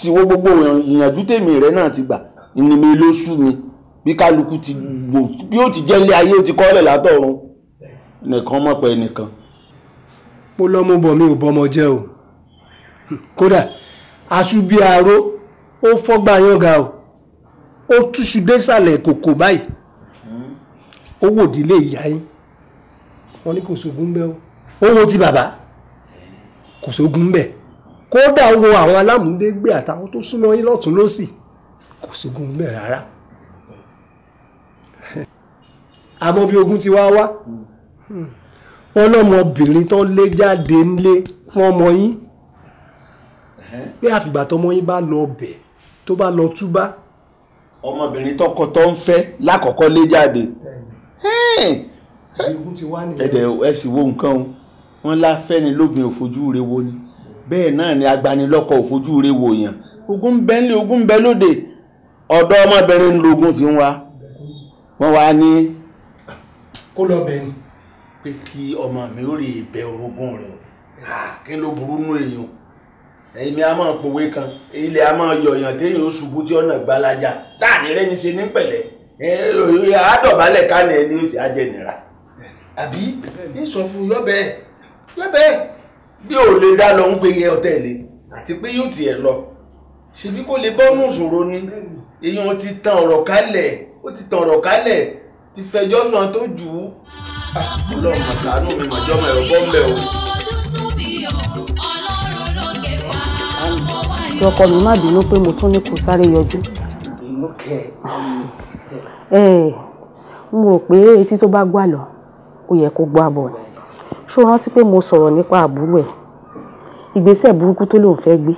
gbogbo ìyànjú tèmi rẹ náà ti ni mi bí kálukú ti gbò bí ó ti jẹ́ ilé ayé ó ti kọ́lẹ̀ látọ̀run nìkan mọ̀ pé nìkan. mo lọ́mú bọ̀ mi ò bọ́mọ jẹ́ o kódà aṣubí aró ó fọ́gbà yànga o ó túṣu désàlẹ̀ kòkò báyìí ó wò dílé ìyá yín wọn ní kò sógun bẹ́ẹ̀ o ó wo ti bàbá kò sógun bẹ́ẹ̀ kódà ó wo àwọn alámúndégbé àtàwọn tó súnmọ́ yín lọ́tún lọ́sì kò sógun bẹ́ẹ̀ rárá àmọ́ bí ogun ti wá wá wọn lọ́mọbìnrin tán lé jáde ńlé fún ọmọ yín pé àfìgbà tọmọ yín bá lọ bẹ̀ tó bá lọ túbá. ọmọbìnrin tọkọ tó ń fẹ́ lákọ̀ọ́kọ́ lé jáde ẹ̀dẹ̀ ẹ sì wo nǹkan o wọ́n láfẹ́ni lóbìn òfojú rẹ̀ wo ni bẹ́ẹ̀ náà ni agbanilọ́kọ̀ òfojú rẹ̀ wo yàn ogun ń bẹ nílé ogun ń bẹ lóde ọ̀dọ́ ọmọbìnrin lógun ti ń wa wọ́n wá ní kó lọ bẹ̀ ni. pé kí ọmọ mi ó rè bẹ orogún rẹ o kí ló burú nù èèyàn èmi a máa pòwe kan ilẹ̀ a máa yọ̀yàn téèyàn ó ṣubú tí ọ̀nà gbalaja dáàni rẹ̀ ní ṣe ní pẹ̀lẹ́ àádọ́balẹ̀ kánì ẹni ó sì ajẹ́ nira àbí ní sọ fún yọ́bẹ̀ yọ́bẹ̀ bí o lè dá lọ ń pe yẹ ọ̀tẹ̀lẹ̀ àti pé yóò tiẹ̀ lọ ṣebí kó lè bọ́nú ìṣòro ni èèyàn ti tan ọ̀rọ̀ kálẹ̀ ó ti tan ọ̀rọ̀ kálẹ̀ ti fẹjọ́ sùn àtó jù ú. ọlọ́run àtàánú mi màjọ́ mọ̀ ẹ̀rọ bọ́m̀bẹ̀ o. ọkọ mi má bínú pé mo tún ní kó sáré yọjú. n rò pé etí tó bá gbà lọ ó yẹ kó gbọ́ àbọ̀ ni ṣó rántí pé mo sọ̀rọ̀ nípa àbúrò ẹ̀ ìgbésẹ̀ burúkú tó lóun fẹ́ gbé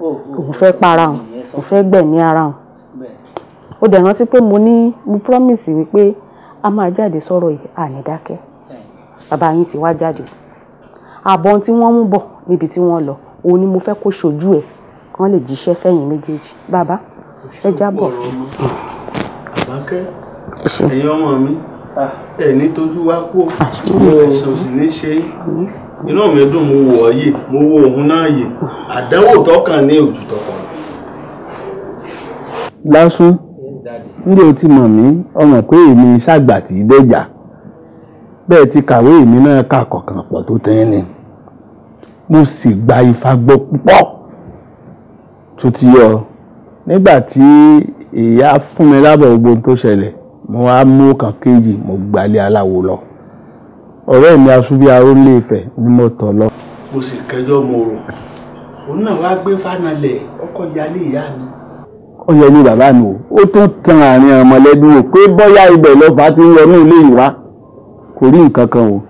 oh, oh, oh. òun fẹ́ para òun òun fẹ́ gbẹ̀mí ara òun ó dẹ̀ rántí pé mo ní mo promise wípé a máa jáde sọ̀rọ̀ yìí àní dákẹ́ bàbá yín ti wá jáde àbọ̀n tí wọ́n mú bọ̀ níbi tí wọ́n lọ òun ni mo fẹ́ kó ṣojú ẹ̀ kán lè jíṣẹ́ fẹ̀yìn méjèèjì bàbá ẹ jábọ̀ fún mi. àbákẹ́ ẹ̀yin ọmọ mi ẹni tójú wá kú ẹ̀sìn òsì ní ṣe inú mi dùn mo wò ọ́ yìí mo wo òun náà yìí àdánwò tọkàn ní òjò tọkàn. lásán nílò tí mọ̀ mí ọmọ pé èmi ṣàgbà tí í dẹ̀jà bẹ́ẹ̀ ti kàwé èmi náà kà kọ̀ọ̀kan pọ̀ tó tẹ́yìn ni mo sì gba ifá gbọ́ púpọ̀ tó ti yọ nígbà tí ìyá fún mi lábọ̀ gbogbo tó ṣẹlẹ̀ mo wá mú kan kéjì mo gbalẹ̀ aláwo lọ ọ̀rẹ́ mi aṣubí arólé Ifẹ̀ ni mo tọ̀ lọ. mo sì kẹjọ́ mo rò òun náà wá gbé fánalẹ̀ ọkọ̀ yálé ìyá mi ọyọ ni bàbá mi o ó tún tan àárín ọmọlẹ́bí o pé bóyá ibẹ̀ lọ́fà ti ń wọnú ilé ìwá kò rí nǹkan kan o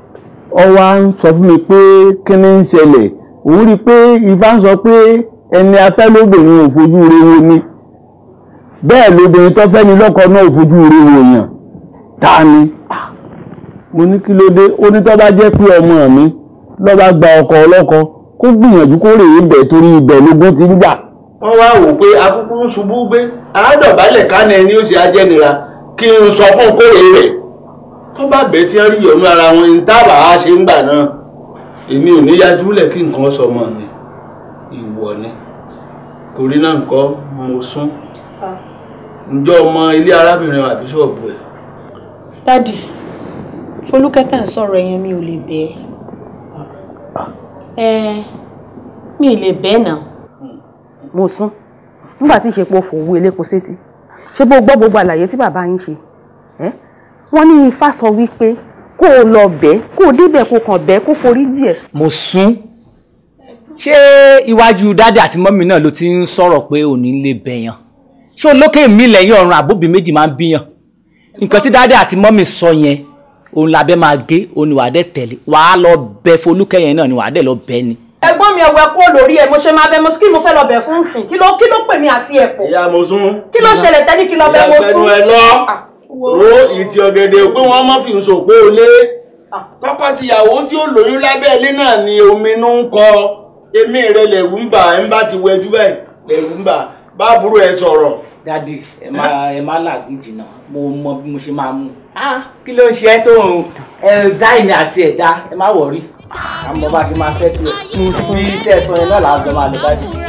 ó wá ń sọ fún mi pé kí ni ń ṣẹlẹ̀ òun rí i pé ifá ń sọ pé ẹni afẹ́lóbìnrin ò fojú re wo ni bẹ́ẹ̀ lóbìnrin tó fẹ́ni lọ́kọ náà ò fojú re wo yàn ni mo ní kí ló dé ó ní tó bá jẹ́ pé ọmọ mi ló bá gba ọkọ ọlọ́kọ kó gbìyànjú kó rèé ibẹ̀ torí ibẹ̀ lógún ti ń gbà wọ́n wá wò pé akúkú ń ṣubú gbé àádọ́bálẹ̀ kánà ẹni ó ṣe ajẹ́nira kí n sọ fún kórè rẹ̀ tó bá bẹ́ẹ̀ tí wọ́n rí ìyọnu ara wọn ní tábà á ṣe ń gbà náà èmi ò ní yájúlẹ̀ kí nǹkan sọ mọ́ ni ìwọ ni torí náà nǹkan mo sún ǹjọ́ ọmọ ilé arábìnrin àbí ṣọ́ọ̀bù ẹ̀. dádì folúkẹ́ tẹ̀ ń sọ̀rọ̀ ẹ̀yẹn mi ò lè bẹ́ẹ̀ ah. mi ì lè bẹ́ẹ̀ náà mo sún nígbà tí ìṣepọ̀ fòwú elépo sétí ṣé bó gbọ́ gbogbo àlàyé tí bàbá yín ṣe wọ́n ní ifá sọ wípé kó o lọ bẹ́ẹ̀ kó o débẹ̀ kó kàn bẹ́ẹ̀ kó forí díẹ̀. mo sún ṣé iwájú dáadé àti mọ́mí náà ló ti ń sọ̀rọ̀ pé òní lè bẹ̀yàn ṣé olókè mi lẹ́yìn ọ̀run àbóbì méjì máa ń bíyàn nǹkan tí dáadé àti mọ́mí sọ yẹn òun làbẹ́ máa gé òun ni wàá dẹ̀ tẹ̀lé wàá lọ bẹ folúkẹ́ yẹn náà ni wàá dẹ̀ lọ bẹ ni ẹ̀gbọ́n mi ẹwẹ kúrò lórí ẹ mo ṣe máa bẹ mo kí mo fẹ́ lọ bẹ fún sìn kí ló kí ló pè mí àti ẹpọ. ìyá mo sún. kí ló ṣẹlẹ̀ tẹ́lí kí lọ bẹ mo sún. ìyá fẹnu ẹ lọ ah, ro ìtì ọ̀gẹ̀dẹ̀ pé wọ́n má fi nsò pé o lé ah. kọ́kọ́ tìyàwó tí ó lóyún lábẹ́ ilé náà ni omi inú ń kọ èmi rẹ lẹ̀rú ń bà ń bá ti wẹjú bẹ́ẹ̀ lẹ̀rú ń bà bá burú ẹ sọ̀rọ̀. dadi ẹ má ẹ má làgùjì náà mo mọ bí mo ṣe máa mú. Ah, kí ló ń ṣe ẹ tó ń ẹ ìmì àti ẹ̀dá ẹ má wọrí àmọ́ bá ṣe máa ṣẹ́tù ẹ̀ fi iṣẹ́ ẹ̀sán yẹn náà làásọ máa lò báyìí.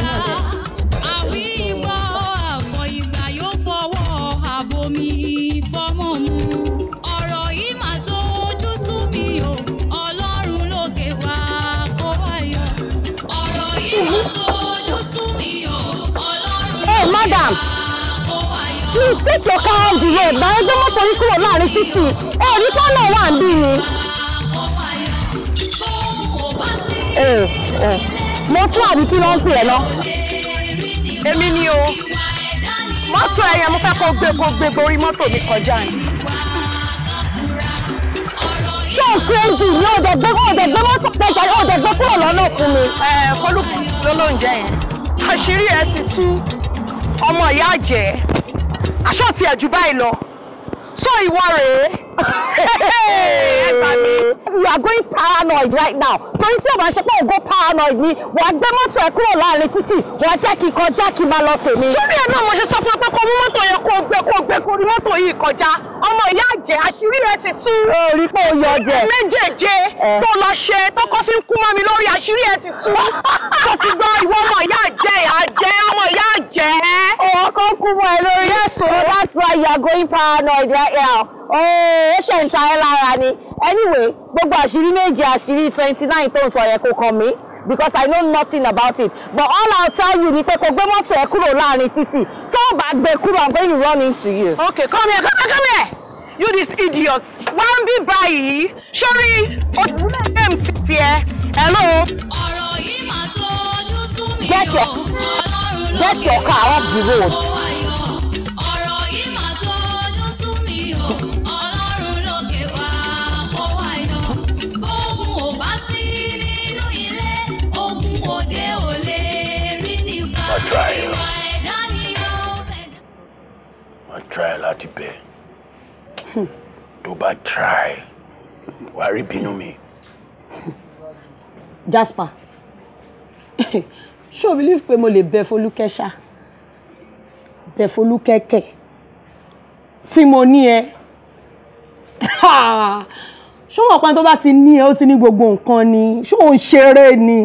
Hey, madam, please take your car off the road. Bàrẹ́ gbé mọ́tò yìí kúrò láàrin títì. Ẹ̀rí kánà wà ń bí ni. Eh, eh. mo tún àbí kí ló ń pè ẹ́ lọ. èmi ni o mọ́tò ẹ̀yẹ mo fẹ́ kó gbé kó gbé borí mọ́tò mi kọjá ni. ṣé o crazy ni o dẹ̀ gbé o dẹ̀ gbé mọ́tò pẹ̀jà o dẹ̀ gbé kúrò lọ́nà fún mi. ẹ kọlùkù ló ló ń jẹ yẹn àṣírí ẹ ti tú ọmọ ìyá jẹ àṣọ tiẹ̀ jù báyìí lọ sọ ìwọ rèé you are going paranoid right now torí tí ọba ṣe pé go paranoid ni wàá gbé mọ́tò ẹ kúrò láàrin títì wàá jẹ́ kí kọjá kí máa lọ tèmi. sórí ẹ náà mo ṣe sọ fún ẹ pé kó mú mọ́tò yẹn kó gbé kó gbé kó mọ́tò yìí kọjá ọmọ ìyá àjẹ́ àṣírí rẹ ti tú. o rí pé o yọ jẹ. méjèèje tó lọ ṣe tọkọ fi ń kú mọ́ mi lórí àṣírí ẹ ti tú. tó *laughs* ti gbọ́ ìwọ ọmọ ìyá àjẹ́ àjẹ́ ọmọ ìyá àjẹ́ ọ̀rọ̀ kan kú mọ́ ẹ lórí so that's why you are going paranoid right now ó ṣe ń ta ẹ lára ni anyway gbogbo àṣírí méje àṣírí twenty nine tó ń sọ yẹn kò kàn mí because I know nothing about it but all I'll tell you ni pé kò gbé mọ́tò ẹ kúrò láàrin títì tó o bá gbé kúrò I'm going to run into you. okay come here come here come here you this idiot wọ́n bí báyìí sórí òtún mẹ́rin títì ẹ hello. ọ̀rọ̀ yìí máa tó ojú sú mi o get your car off the road. ọ̀rọ̀ yìí mà tó ojú try láti bẹ́ẹ̀ tó bá try wàá rí bínú mi. Jasper ṣé o believe pé mo lè bẹ Folúkẹ́ ṣá bẹ Folúkẹ́ kẹ̀ tí mo ní ẹ *laughs* ṣé wọn pa tó bá ti ní ẹ ó ti ní gbogbo nǹkan ni ṣé òun ṣeré ni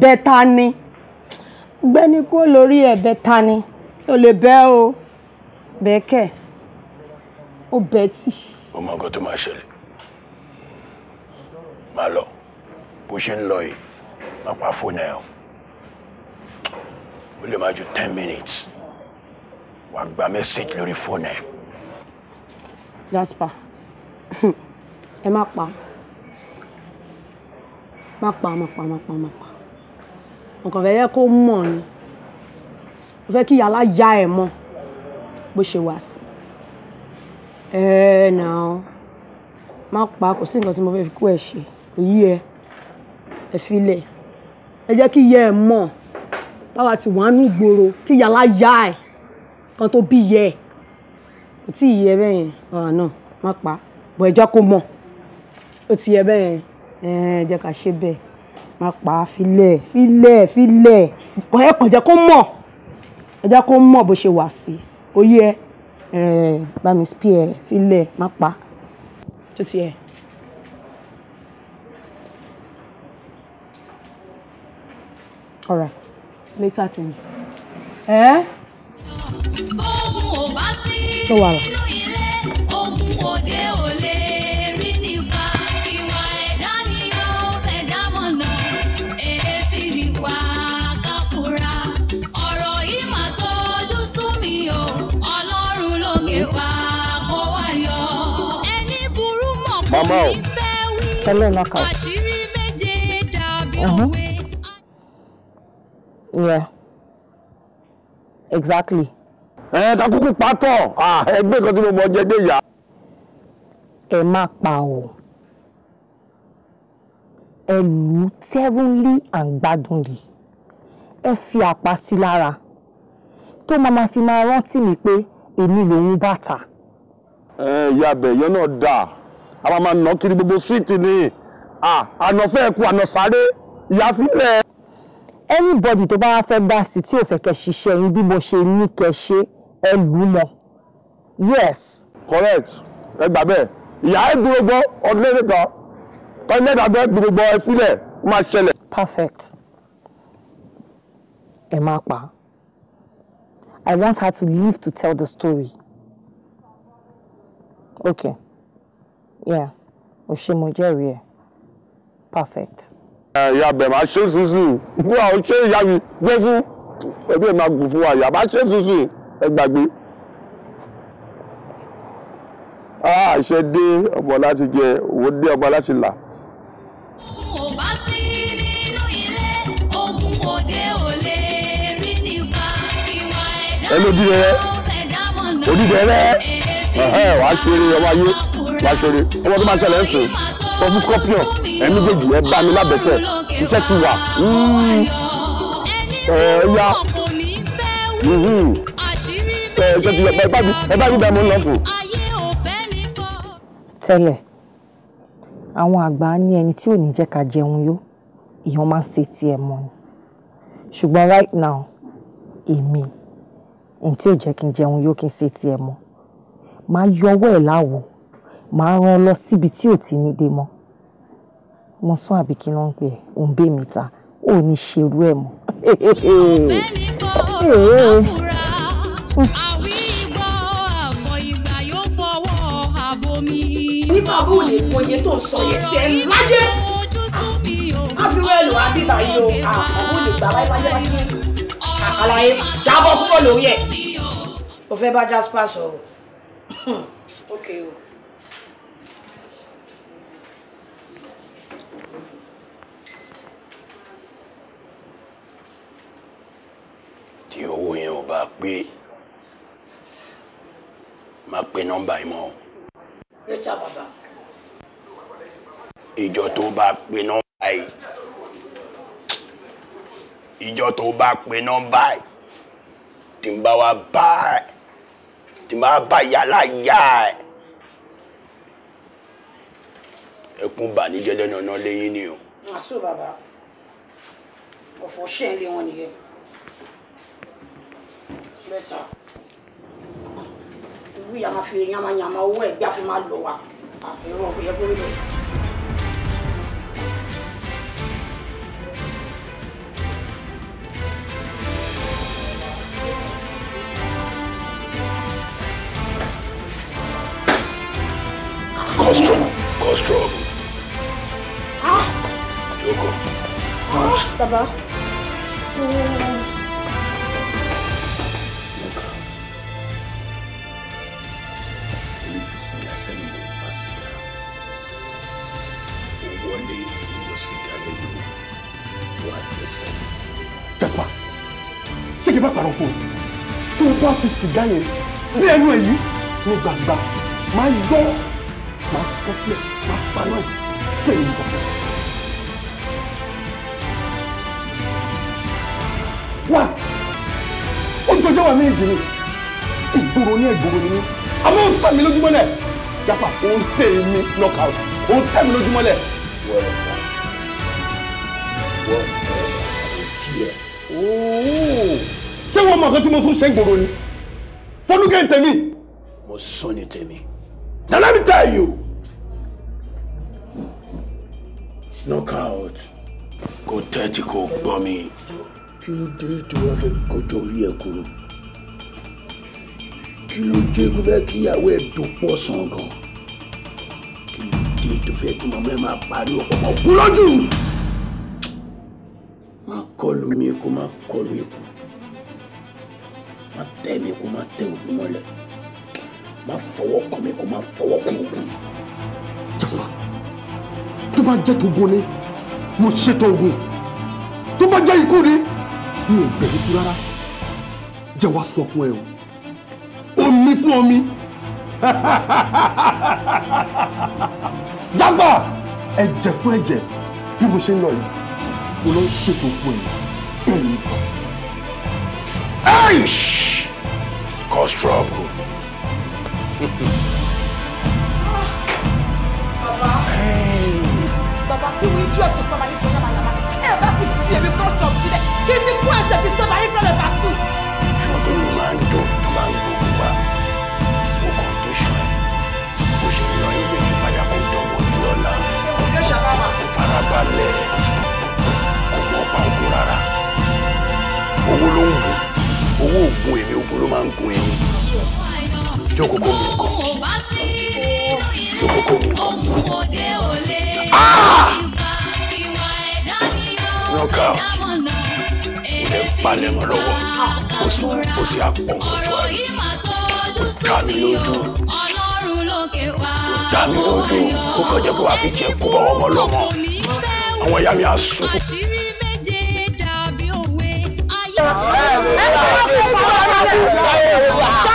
bẹ́ta ni gbẹ́ni kó lórí ẹ̀ bẹ́ta ni o lè bẹ́ o bẹ́ẹ̀ kẹ̀ ó bẹ́ẹ̀ tì. mo mọ nǹkan tó máa ṣẹlẹ̀ máa lọ bó ṣe ń lọ yìí má pa fóònù ẹ̀ o ó lè máa ju ten minutes wàá gba message lórí fóònù ẹ. Jasper *laughs* ẹ má pa má pa má pa má pa má pa nǹkan fẹ́ yẹ kó mọ̀ ni mo fẹ́ kí yàrá ya ẹ̀ mọ́ bó ṣe wà sí ẹ nà ó má pa kò sí nǹkan tí mo fẹ́ fi kú ẹ̀ ṣe kò yí ẹ ẹ filẹ̀ ẹ jẹ́ kí yẹ ẹ mọ̀ káwa ti wà nù gbòòrò kí yàrá yá ẹ̀ kan tó bí yẹ ẹ̀ kò tí ì yẹ bẹ́ẹ̀ yẹn ọ̀rọ̀ náà má pa bọ̀ ẹ̀jọ́ kò mọ̀ ó ti yẹ bẹ́ẹ̀ yẹn ẹ̀ẹ́n jẹ́ ká ṣe bẹ́ẹ̀ má pa filẹ̀ filẹ̀ filẹ̀ ẹ̀ kàn jẹ́ kó mọ̀ ẹ̀ kó mọ̀ bó ṣe wà sí ó yẹ bá mi spear filẹ̀ má pa tó ti yẹ. All right later things. Eh? So ò bá sí nínú ilé ohun yeah exactly. ẹ takuku pátọ ẹgbẹ́ kan tí mo mọ jẹ gbé ìyá. ẹ má pa o ẹ lù ú tẹ́rùnlé àǹgbádùnlé ẹ fi àpá sí lára tó máa ma fi máa rántí mi pé èmi lòun bàtà. ẹ ìyá abẹ̀yẹ náà dà a máa ma nà kiri gbogbo síìtì ni ànàfẹ́ ẹ̀kú ànàsáré ìyá fílẹ̀ anybody tó bá wá fẹ́ dá sí tí ò fẹ́ kẹ́ ṣiṣẹ́ yín bí mo ṣe ní kẹ́ ṣe ẹ lù mọ́ yes. correct ẹ gbà bẹ́ẹ̀ ìyá ẹ dúró gbọ́ ọdún lẹ́yìn kan tọ́jú lẹ́yìn abẹ́ dúró gbọ́ ẹ sílẹ̀ ó máa ṣẹlẹ̀. perfect ẹ má pa I want her to live to tell the story okay yeah òṣèmọ̀jẹ́rìí ẹ̀ perfect. Eh, ìyá bẹ̀ máa ṣe sùsù bó àwọn ṣe ìyá mi gbé fún ẹbí ẹ̀ máa gùn fún wa ìyá máa ṣe sùsù ẹ gbàgbé. àṣẹ ah, dé ọmọ láti jẹ òwò dé ọmọ láti là. kò bá sí nínú ilé ogun òde ò lè rí nípa ìwà ẹ̀dá òdìdẹ rẹ wàá ṣeré ọmọ ayé wàá ṣeré ọmọ tó máa ṣẹlẹ̀ ń sìn fọ́fún kọ́píọ̀n ẹ̀mí jèjì ẹ bá mi lábẹ́sẹ̀ iṣẹ́ ti wà hmm. ẹ̀ẹ́yà hmm. ẹ̀ẹ́sẹ̀ ti yọ̀pọ̀ ẹ bá mi bá mi lọ́kùn. tẹ́lẹ̀ àwọn àgbà ní ẹni tí ò ní jẹ́ ká jẹun yó ìyàn máa ń ṣe tiẹ̀ mọ́ ni ṣùgbọ́n right now èmi ẹni tí ò jẹ́ kí n jẹun yó kí n ṣe tiẹ̀ mọ́ máa yọwọ́ ẹ̀ láwo máa rán lọ síbi tí ò ti ní dé mọ́ mọ̀sán àbí kí ló ń pè ẹ́ òun bẹ́ mi ta ò ní ṣerú ẹ̀ mọ́. àwí ìgbọ́ àfọ̀yìngbà yóò fọwọ́ àbomi. nípa bó o lè kọ tó sọ yẹn tẹ láyé ábíwẹ́lù àbíbá yìí o àwọn olùgbà wáyé wáyé àlàyé jábọ̀ kúrò lórí ẹ̀. o fẹ́ bá Jasper sọ̀rọ̀ *coughs* ok o. tí owó yẹn ò bá pe nọmba yìí baba. ìjọ tó bá pe nọmba yìí ìjọ tó bá pe nọmba yìí tí n bá wa bá ẹ tí n bá bá yàrá yá ẹ ẹkún bànújẹ́ ọ̀nà lẹ́yìn ni o. àṣù bàbá ọ̀fọ̀ ṣẹ́ wọn nìyẹn. mẹ́ta ìwú yà máa fi yamayama owó ẹ̀gbẹ́ àfi máa lọ wa àpérò ọ̀gbẹ́ bóyá. Cause trouble. Cause trouble. Ah. Joko. ẹ̀ṣẹ̀ jàpá ṣé kí n bá pàrọ̀ fún ọ tó o bá fi sìgá yẹn sí ẹnu ẹ̀ yìí ní gbàgbà máa yọ máa sọ sílẹ̀ máa pa náà pẹ̀lú ìfọ̀kẹ́. wá ojoojọ́ wa méjì ni ìgboro ní ìgboro ni mí àmọ́ ń tẹ̀ mí lójúmọ́ lẹ̀ yàtọ̀ ó ń knockout ó ń tẹ̀ mí lójúmọ́ lẹ̀. wọ́n ṣé wọn mọ̀ kan tí mo tún ṣe ń gbòòrò ni fọlúkẹ́ ń tẹ̀mí. mo sọ ni tẹ̀mí. Now let me tell you knockout kò tẹ́tí kò gbọ́ mi. kí ló dé tí wọ́n fẹ́ kọjọ orí ẹ̀ kúrò kí ló dé tó fẹ́ kí ìyàwó ẹ̀ dòpọ̀ sàn gan kí ló dé tó fẹ́ kí màmá ẹ̀ máa parí ọ̀pọ̀ kú lójú kọlù mi kó má kọlù ikú má tẹ mi kó má tẹ ògùn mọ́lẹ̀ má fọwọ́ kàn mi kó má fọwọ́ kàn ògùn. jàfà tó bá jẹ́ tógun ni mo ṣètò ògùn tó bá jẹ́ ikú ni mi ò bẹ̀rù kú rárá jẹ́ wá sọ fún ẹ o omi fún omi *laughs* jàfà ẹ̀jẹ̀ fún ẹ̀jẹ̀ bí mo ṣe ń lọ yìí olóṣè tó kú ẹ̀yìn pẹ̀lú ìbọn. aish cause trouble. bàbá kí wọ́n ijó ẹ̀sùn pàmò ayé sọ yamayama ẹ bá ti fi èmi kọ́ sọ̀rọ̀ sílẹ̀ kí n ti kún ẹsẹ̀ fi sọ́dọ̀ ayé fẹ́lẹ̀ bá tù. ṣọ́dún mi máa ń dùn tó máa ń gbogbo wa mo kàn tó ṣọ́ ẹ̀ mo ṣe ń lọ ilé ìpadà kó dọ̀wọ́ ju ọ̀la. ìfarabalẹ̀. owó ló ń wò owó ògùn èmi ogun ló máa ń gun ah! èmi jókòó mi kọ jókòó mi kọ. yọ̀ọ̀ká ilẹ̀ palẹ̀mọ́ lọ́wọ́ ó sì ó sì àpọ̀ ká lójú ká lójú ó kọjá pé wàá fi jẹ́ kó bọ́ ọmọ lọ́mọ àwọn ìyá mi á sùn ẹ ẹ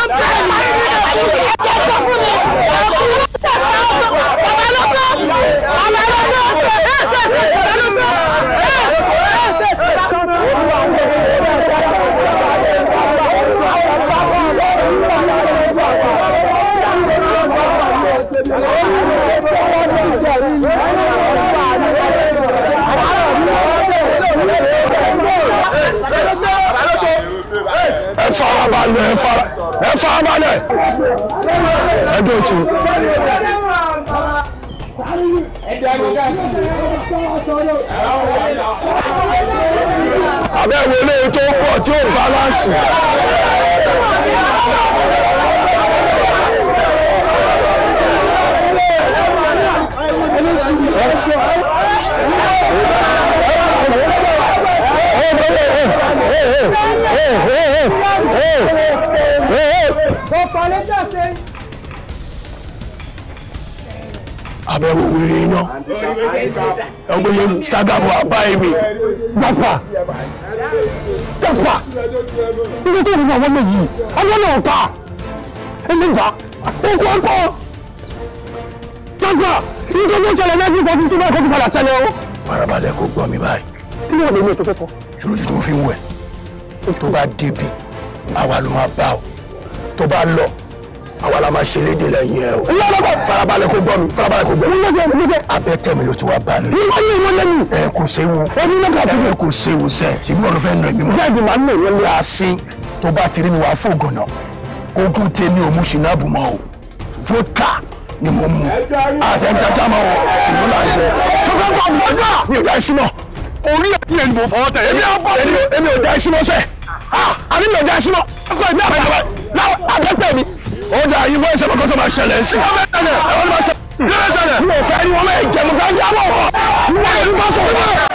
ẹ farabalẹ̀ ẹ farabalẹ̀ ẹ dọ̀tun. abẹ́wò eléyìí tó pọ̀ tí ó bálánsì. Thank you abẹ́wò wèrè iná ọgbẹ́yẹ sàgàbọ̀ àbáyé mi gbàpà gbàpà nígbà tó ń bọ̀ wọ́n méjì ọgbọ́n náà pa ẹni gbà òkú ọgbọ́ gbàpà nítorí ó ṣẹlẹ̀ lẹ́gbẹ̀ẹ́ ọdún tó bá kọ́ tó padà ṣẹlẹ̀ o. farabalẹ̀ kò gbọ́ mi báyìí. kí ló wà nínú ètò fẹ́ sọ kí lójú tó fi wù ẹ́ tó bá débi àwa ló máa bá ọ tó bá lọ àwa la máa ṣe léde lẹ́yìn ẹ o. lọ́dọ̀gbọ̀. farabalẹ̀ kó gbọ́ mi farabalẹ̀ kó gbọ́ mi. lọ́dọ̀ gbẹgbẹ. abẹ́ tẹ̀mí ló ti wá bá mi. nígbà yìí wọ́n lẹ́nu. ẹ kò séwu. ẹni náà kàtó. ẹ kò séwu sẹ ṣùgbọ́n ọ̀rọ̀ fẹ́ nà mí mọ́. bẹ́ẹ̀ni màá nà yẹn lé. yàásí tó bá ti rí mi wá fògànà ogún tèmi ò mú ṣìnàbù mọ́ o vodka ni mo mú àtẹ̀ntẹ̀ tá a máa wọ̀ ìmúlá orí ẹ̀kún ẹni mo fọwọ́ tẹ̀. èmi àwọn bọ́ọ̀lù èmi ò da iṣu lọ sẹ́ ah! ah! àní mi ò da iṣu lọ ọkọ èmi àpẹjọba àbẹ́tẹ̀ mi. ó dà yín wọ́n ìṣẹ́ kọ́kọ́ máa ṣẹlẹ̀ sí. ọmọ ẹ̀ ṣẹlẹ̀ ọmọ ẹ̀ ṣẹlẹ̀ mi ò fẹ́ ni wọ́n máa jẹ́ mo fẹ́ jábọ̀ wọ́n.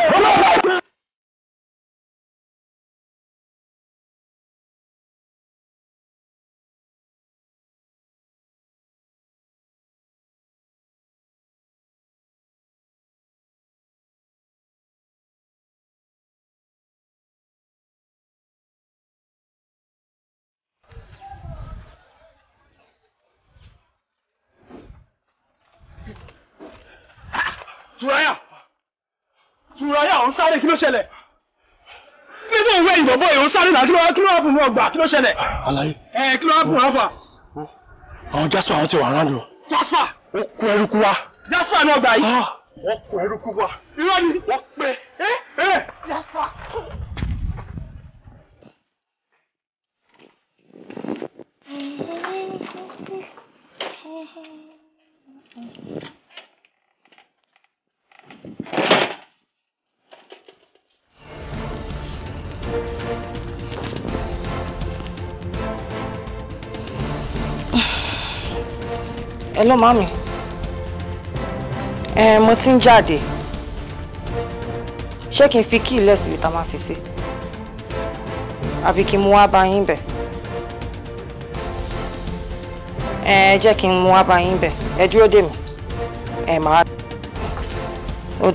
sáré kí ló ṣẹlẹ̀ nítorí òwe ìbọ̀bọ̀ èèyàn sáré náà kí ló kí ló hàpù mọ́ ọgbà kí ló ṣẹlẹ̀. alaye ẹ kí ló hàpù àfà. àwọn jasper àwọn ti wà rán lọ. jasper. ó kó eruku wa. jasper náà gbà yìí. Ah, wọ́n kó eruku wa. irọ́ ni wọ́n pé. ẹ ẹ jasper. Mm-hmm. *sighs* Hello, mami. Eh, mo ti ń jáde. Ṣé kí n fi kí ilẹ̀ síbi tá máa fi sí? Àbí kí n mú wá bá yín bẹ̀? Ẹ jẹ́ kí n mú wá bá yín bẹ̀. Ẹ dúró dè mí. Ẹ máa. Ó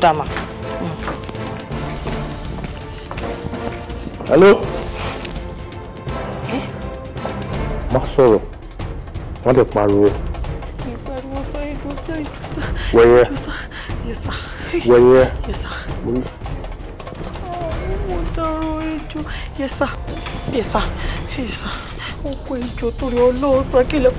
hello. Eh? má sọ̀rọ̀ wọ́n lè pariwo. ìpariwo sọ ìdó sọ ìdó sọ. wẹ̀yẹ wẹ̀yẹ. Oh, mo dárò ejò yẹsà yẹsà yẹsà ó kó ejò torí ọlọ́ọ̀sán kìlọ̀.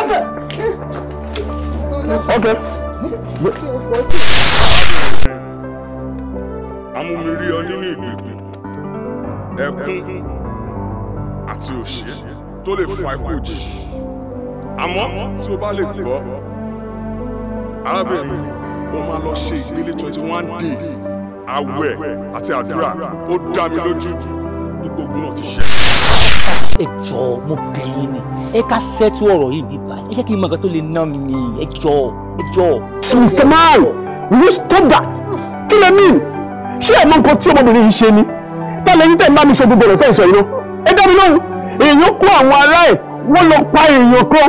lẹ́sẹ̀. Okay. amúmirí ọ nínú ìgbèkùn ẹkún àti òṣì tó lè fa ikú òjijì àmọ́ tí o bá lè gbọ́ arábìnrin o máa lọ ṣe ìgbélé twenty one days àwẹ̀ àti àdúrà ó dá mi lójú gbogbo ogun náà ti ṣẹlẹ̀ ẹ mo bẹ̀ yín ni ẹ ká ṣẹ́tù ọ̀rọ̀ yìí bí báyìí ẹ jẹ́ kí n mọ nǹkan tó lè ná mi ni ẹ jọ̀ọ́ Mr. Man will you stop that kí lè mí ṣé ẹ mọ nǹkan tí ọmọbìnrin yìí ṣe ni tá lẹ́yìn tẹ̀ ń bá mi sọ gbogbo ọ̀rọ̀ tẹ̀ ń sọ yìí lọ ẹ dá mi lóhùn èèyàn kó àwọn ará ẹ̀ wọ́n lọ pa èèyàn kan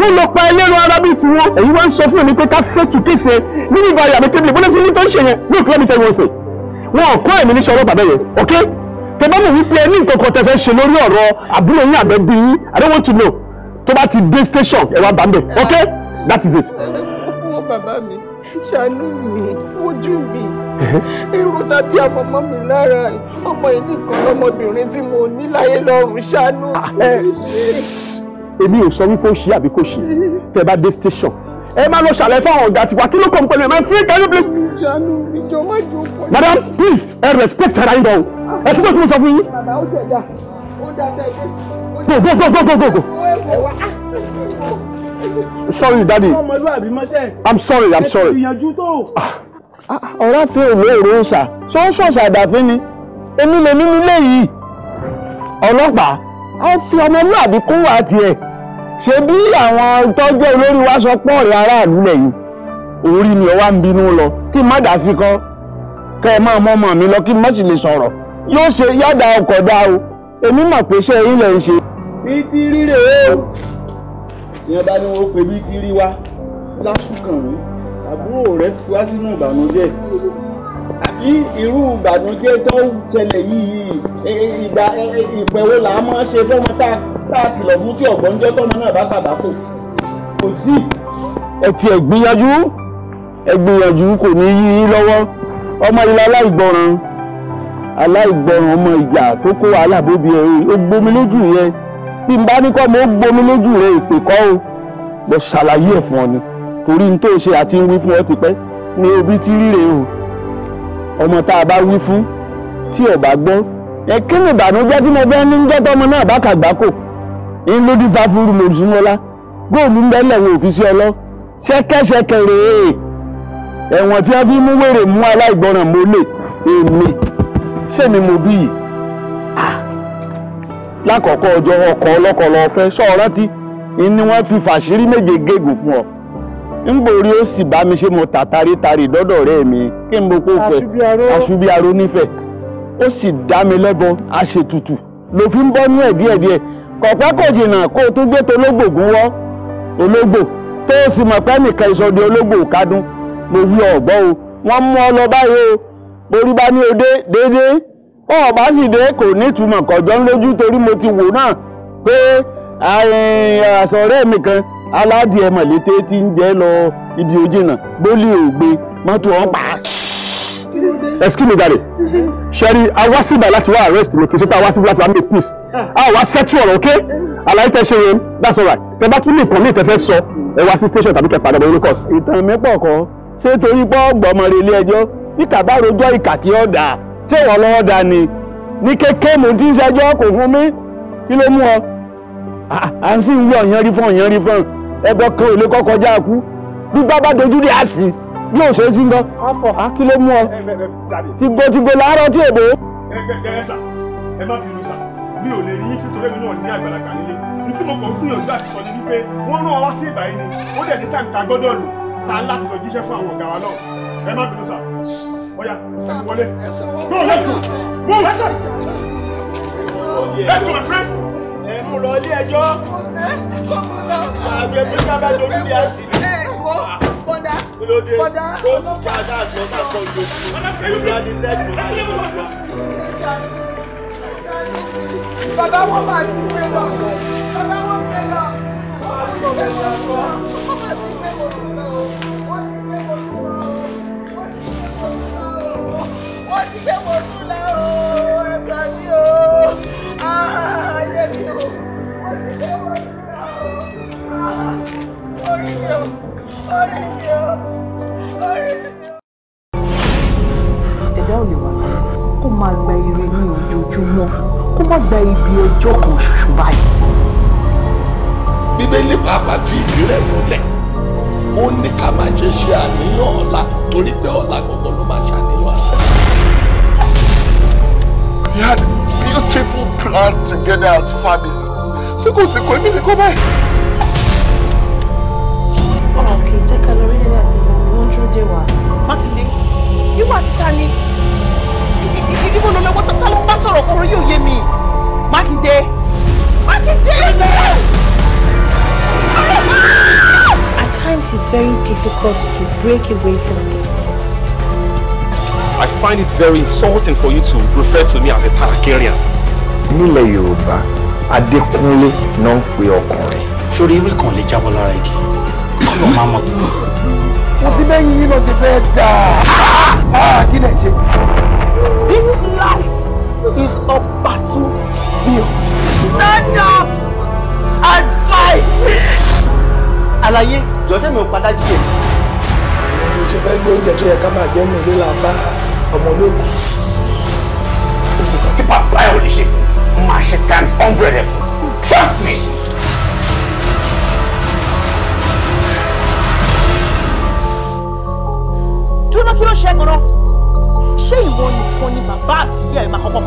wọ́n lọ pa ẹlẹ́rọ ara bíi tiwọn èyí wọ́n ń sọ fún mi pé ká ṣètù kése nínú ìbára àbẹ̀kẹ́bìlì bọ́lá fún mi tó ń ṣe yẹn ní òkúlọ́mìtẹ́ wọn fè wọn ò kọ́ ẹ̀mí níṣẹ́ ọlọ́pàá bẹ́ẹ̀ yẹn okay tó bá mọ̀ wípé ẹ ní tẹ fẹ́ ṣe lórí ọ̀rọ̀ àbúrò yín àbẹ̀bí yín I don't want to know tó bá ti dé station ẹ wá bá ń ok that is it. wo bàbá mi ṣàánú mi wojú mi irú tàbí àmọ́mọ́ mi lára ọmọ ìní kan lọ́mọbìnrin tí mo ní láyé lọ́rùn ṣàánú mi. Ah, eh, èmi ò sọ wípé ó ṣe àbí kò ṣe tẹ bá dé station ẹ máa lọ ṣàlẹ̀ fáwọn ọ̀gá tiwa kí ló kàn pẹ̀lú ẹ máa fi kẹ́lí please. madam please ẹ respect ara yín dọ̀ ẹ tí kò tún sọ fún yín. bàbá go go go go go go. Ah, sorry daddy. i'm sorry i'm sorry. ètò ìyànjú tó. Ah, ah, ọ̀rá fi òwe òwe ṣà ṣó ń ṣọ̀ṣà àdàfín ni èmi lèmi nílé yìí ọlọ́pàá á fi ọmọlúwàbí kún wà tiẹ̀ ṣe bí àwọn tọ́jú olórí wa sọ pọ̀ ọ̀rẹ́ aráàlú lẹ́yìn orí mi ọwá ń bínú lọ kí n má dà sí kan kẹ ẹ máa mọ ọmọ mi lọ kí n má sì lè sọ̀rọ̀ yóò ṣe yàdá ọkọ̀ dá o èmi mọ̀ pé ṣé eyín lẹ̀ ń ṣe. bí ti rí rè o ìyẹn bá ní wọn pè bí ti rí wa lásùkàn mi àbúrò rẹ fi wá sínú ìbànújẹ́ àbí irú ìbànújẹ́ tó ń ṣẹlẹ̀ yìí e, e, ìgbà e, ìpẹ̀wò là á máa ṣe fọ́mọ tá a kìlọ̀ fún tí ọ̀gbọ́njọ́ tọ́mọ náà bá tàbá kò kò sí. ẹ tiẹ̀ gbìyànjú ẹ gbìyànjú kò ní yí yín lọ́wọ́ ọmọ ilé aláìgbọràn aláìgbọràn ọmọ ìyá tó kó wàhálà bóbi ẹ ó gbomi lójú yẹn bí n bá ní kọ́ mo ó gbomi lójú rẹ ìpè kọ́ o lọ ṣàlàyé ẹ̀ fún ọ ni torí n tó ṣe àti ń wí fún ọ ti pẹ́ ní obi tí ríre o ọmọ tá a bá wí fún tí ò bá gbọ́ ẹ kí ni ìbànújẹ́ tí mo fẹ́ ní jẹ́ tọ́mọ náà bá kàgbákò ń lódì fáfúrú lòdùsúnlọ́lá góòlù ń bẹ́ẹ̀ lẹ́wọ̀n òfin sí ọlọ́ ṣẹ́kẹ́ṣẹkẹ̀ rèé ẹ̀wọ̀n tí wọ́n fi mú wèrè mú aláìgbọràn mo lè èmi ṣé mi mo bí yìí lákọ̀ọ́kọ́ ọjọ́ ọkọ̀ ọlọ́kọ̀ lọ́ọ́ fẹ́ sọ ọ́ rántí ni wọ́n fi fàṣírí méje gégùn fún ọ ngbòrí ó sì bá mi ṣe mo tà taritari dọ́dọ̀ ọ̀rẹ́ mi kí n mo kó fẹ́ àṣubíaró nífẹ̀ẹ́ ó sì dá mi lẹ́bọ àṣetutù ló fi ń bọ́ ní ẹ̀díẹ̀díẹ̀ kọ̀pẹ́ kò jìnnà kó o tún gbé tológbògún wọ́ ológbò tó o sì mọ̀ pé nìkan ìsọdẹ ológbò kádùn mo wí ọ̀gbọ́ o wọ́n mú ọ lọ báyìí o borí bá ní odé déédéé ó ọ̀bá sì dé kò nítumọ̀ kọjọ́ ńlójú torí mo ti wò náà pé àṣọ̀rẹ́ mi kan aládìẹ mọ̀lété tí ń jẹ́ lọ ibi ojìnà gbólé ògbé mọ́tò ọ̀hún pa excuse me dare sẹ́rí awa síbà láti wá arrest mi kì í ṣe pé awa síbà láti wá make peace a wá settle ọ̀rọ̀ ok àlàyé tẹ ṣe yẹn that's alright tẹ bá tún lè kàn ní ìtẹ́fẹ́ sọ ẹ wá sí station tàbí kẹpàdé ọmọ olùkọ́. ìtàn mi pọ̀ kọ́ ṣé torí pé ọgbọ̀n ọmọ rẹ̀ ilé ẹjọ́ bí kàbá rojọ́ ìkà kí ọ̀ dà ṣé ìwọ lọ́wọ́ dà ni ní kéké mo ti ń ṣẹjọ́ kò fún mi kí ló mú ọ à ń sì ń wọ ọ̀yán rí fún ọ̀yán rí fún ẹbọ kan ò lè kọ́ kọjá ikú bí bábá dojú dé àṣì yóò ṣe é sí gan afọ akíló mú ọ tìgbòtìgbò làárọ̀ tí èbó. ẹ ẹ sà ẹ má bínú sà mi ò lè rí yín fìtòrè mi náà ní àgbàlagbà nílé ní mo kàn gbìyànjú àti sọ ni wípé wọ́n rán wá sí ìbàyí ni ó dẹ̀ ní táìmù gbọ́dọ̀ lò tá láti lọ jíṣẹ́ fún àwọn ọ̀gá wa náà ẹ má bínú sà ọ̀yà ẹ wọlé go let's go go let's go let's go my friend. ẹ mú lọ ilé ẹjọ́ tó jábẹ́ lórí ní àṣírí. ẹ wo bọ́dá bọ́dá. ó tún jẹ́ ajá àti ọ̀sán kan lóko ìlúwa ní lẹ́gbẹ̀ẹ́. bàbá wọn máa ti gbé lọ bàbá wọn gbé lọ. Wọ́n ti gbé wọ́n sùn lẹ́ o. Sorry ni o. Sorry ni o. Ẹ̀dá ò lè wà láyé kó máa gba ire ní ojoojúmọ́ kó má gba ibi ọjọ́ kan ṣoṣo báyìí. Bíbélì pàápàá fi ìdí rẹ̀ múlẹ̀. Ó ní ká máa ṣe ṣe àníyàn ọ̀la torí pé ọ̀la gbogbo ló máa ṣàníyàn àlá. We had beautiful plans together as family. Ṣé kò tí kò ní ní kó báyìí? ló wa. mákindé ìwà títa ni ìdíbò ló lọ́wọ́ tá ló ń bá sọ̀rọ̀ kóró yóò yé mi mákindé mákindé. At times it's very difficult to break away from these things. I find it very insulting for you to refer to me as a tarakarian. nílẹ̀ Yorùbá Adékúnlé náà ń pe ọkùnrin. sórí ewé kan lè jábọ́ lára igi kí ló máa mọ̀ tó kò sí bẹ́yìn yín ló ti fẹ́ dà ah, ah, kí lè ṣe. This life is a battle field. Stand up and fight. Àlàyé jọ̀ọ́sẹ̀ mi ò padà díẹ̀. Mo ṣe fẹ́ gbé oúnjẹ tó yẹ ká máa jẹ́ nù ilé la bá ọmọ ológun. Olùkọ́ tí bàbá ẹ̀ ò lè ṣe fún, máa ṣe times hundred ẹ̀ fún. Trust me. 八几系嘛，好过。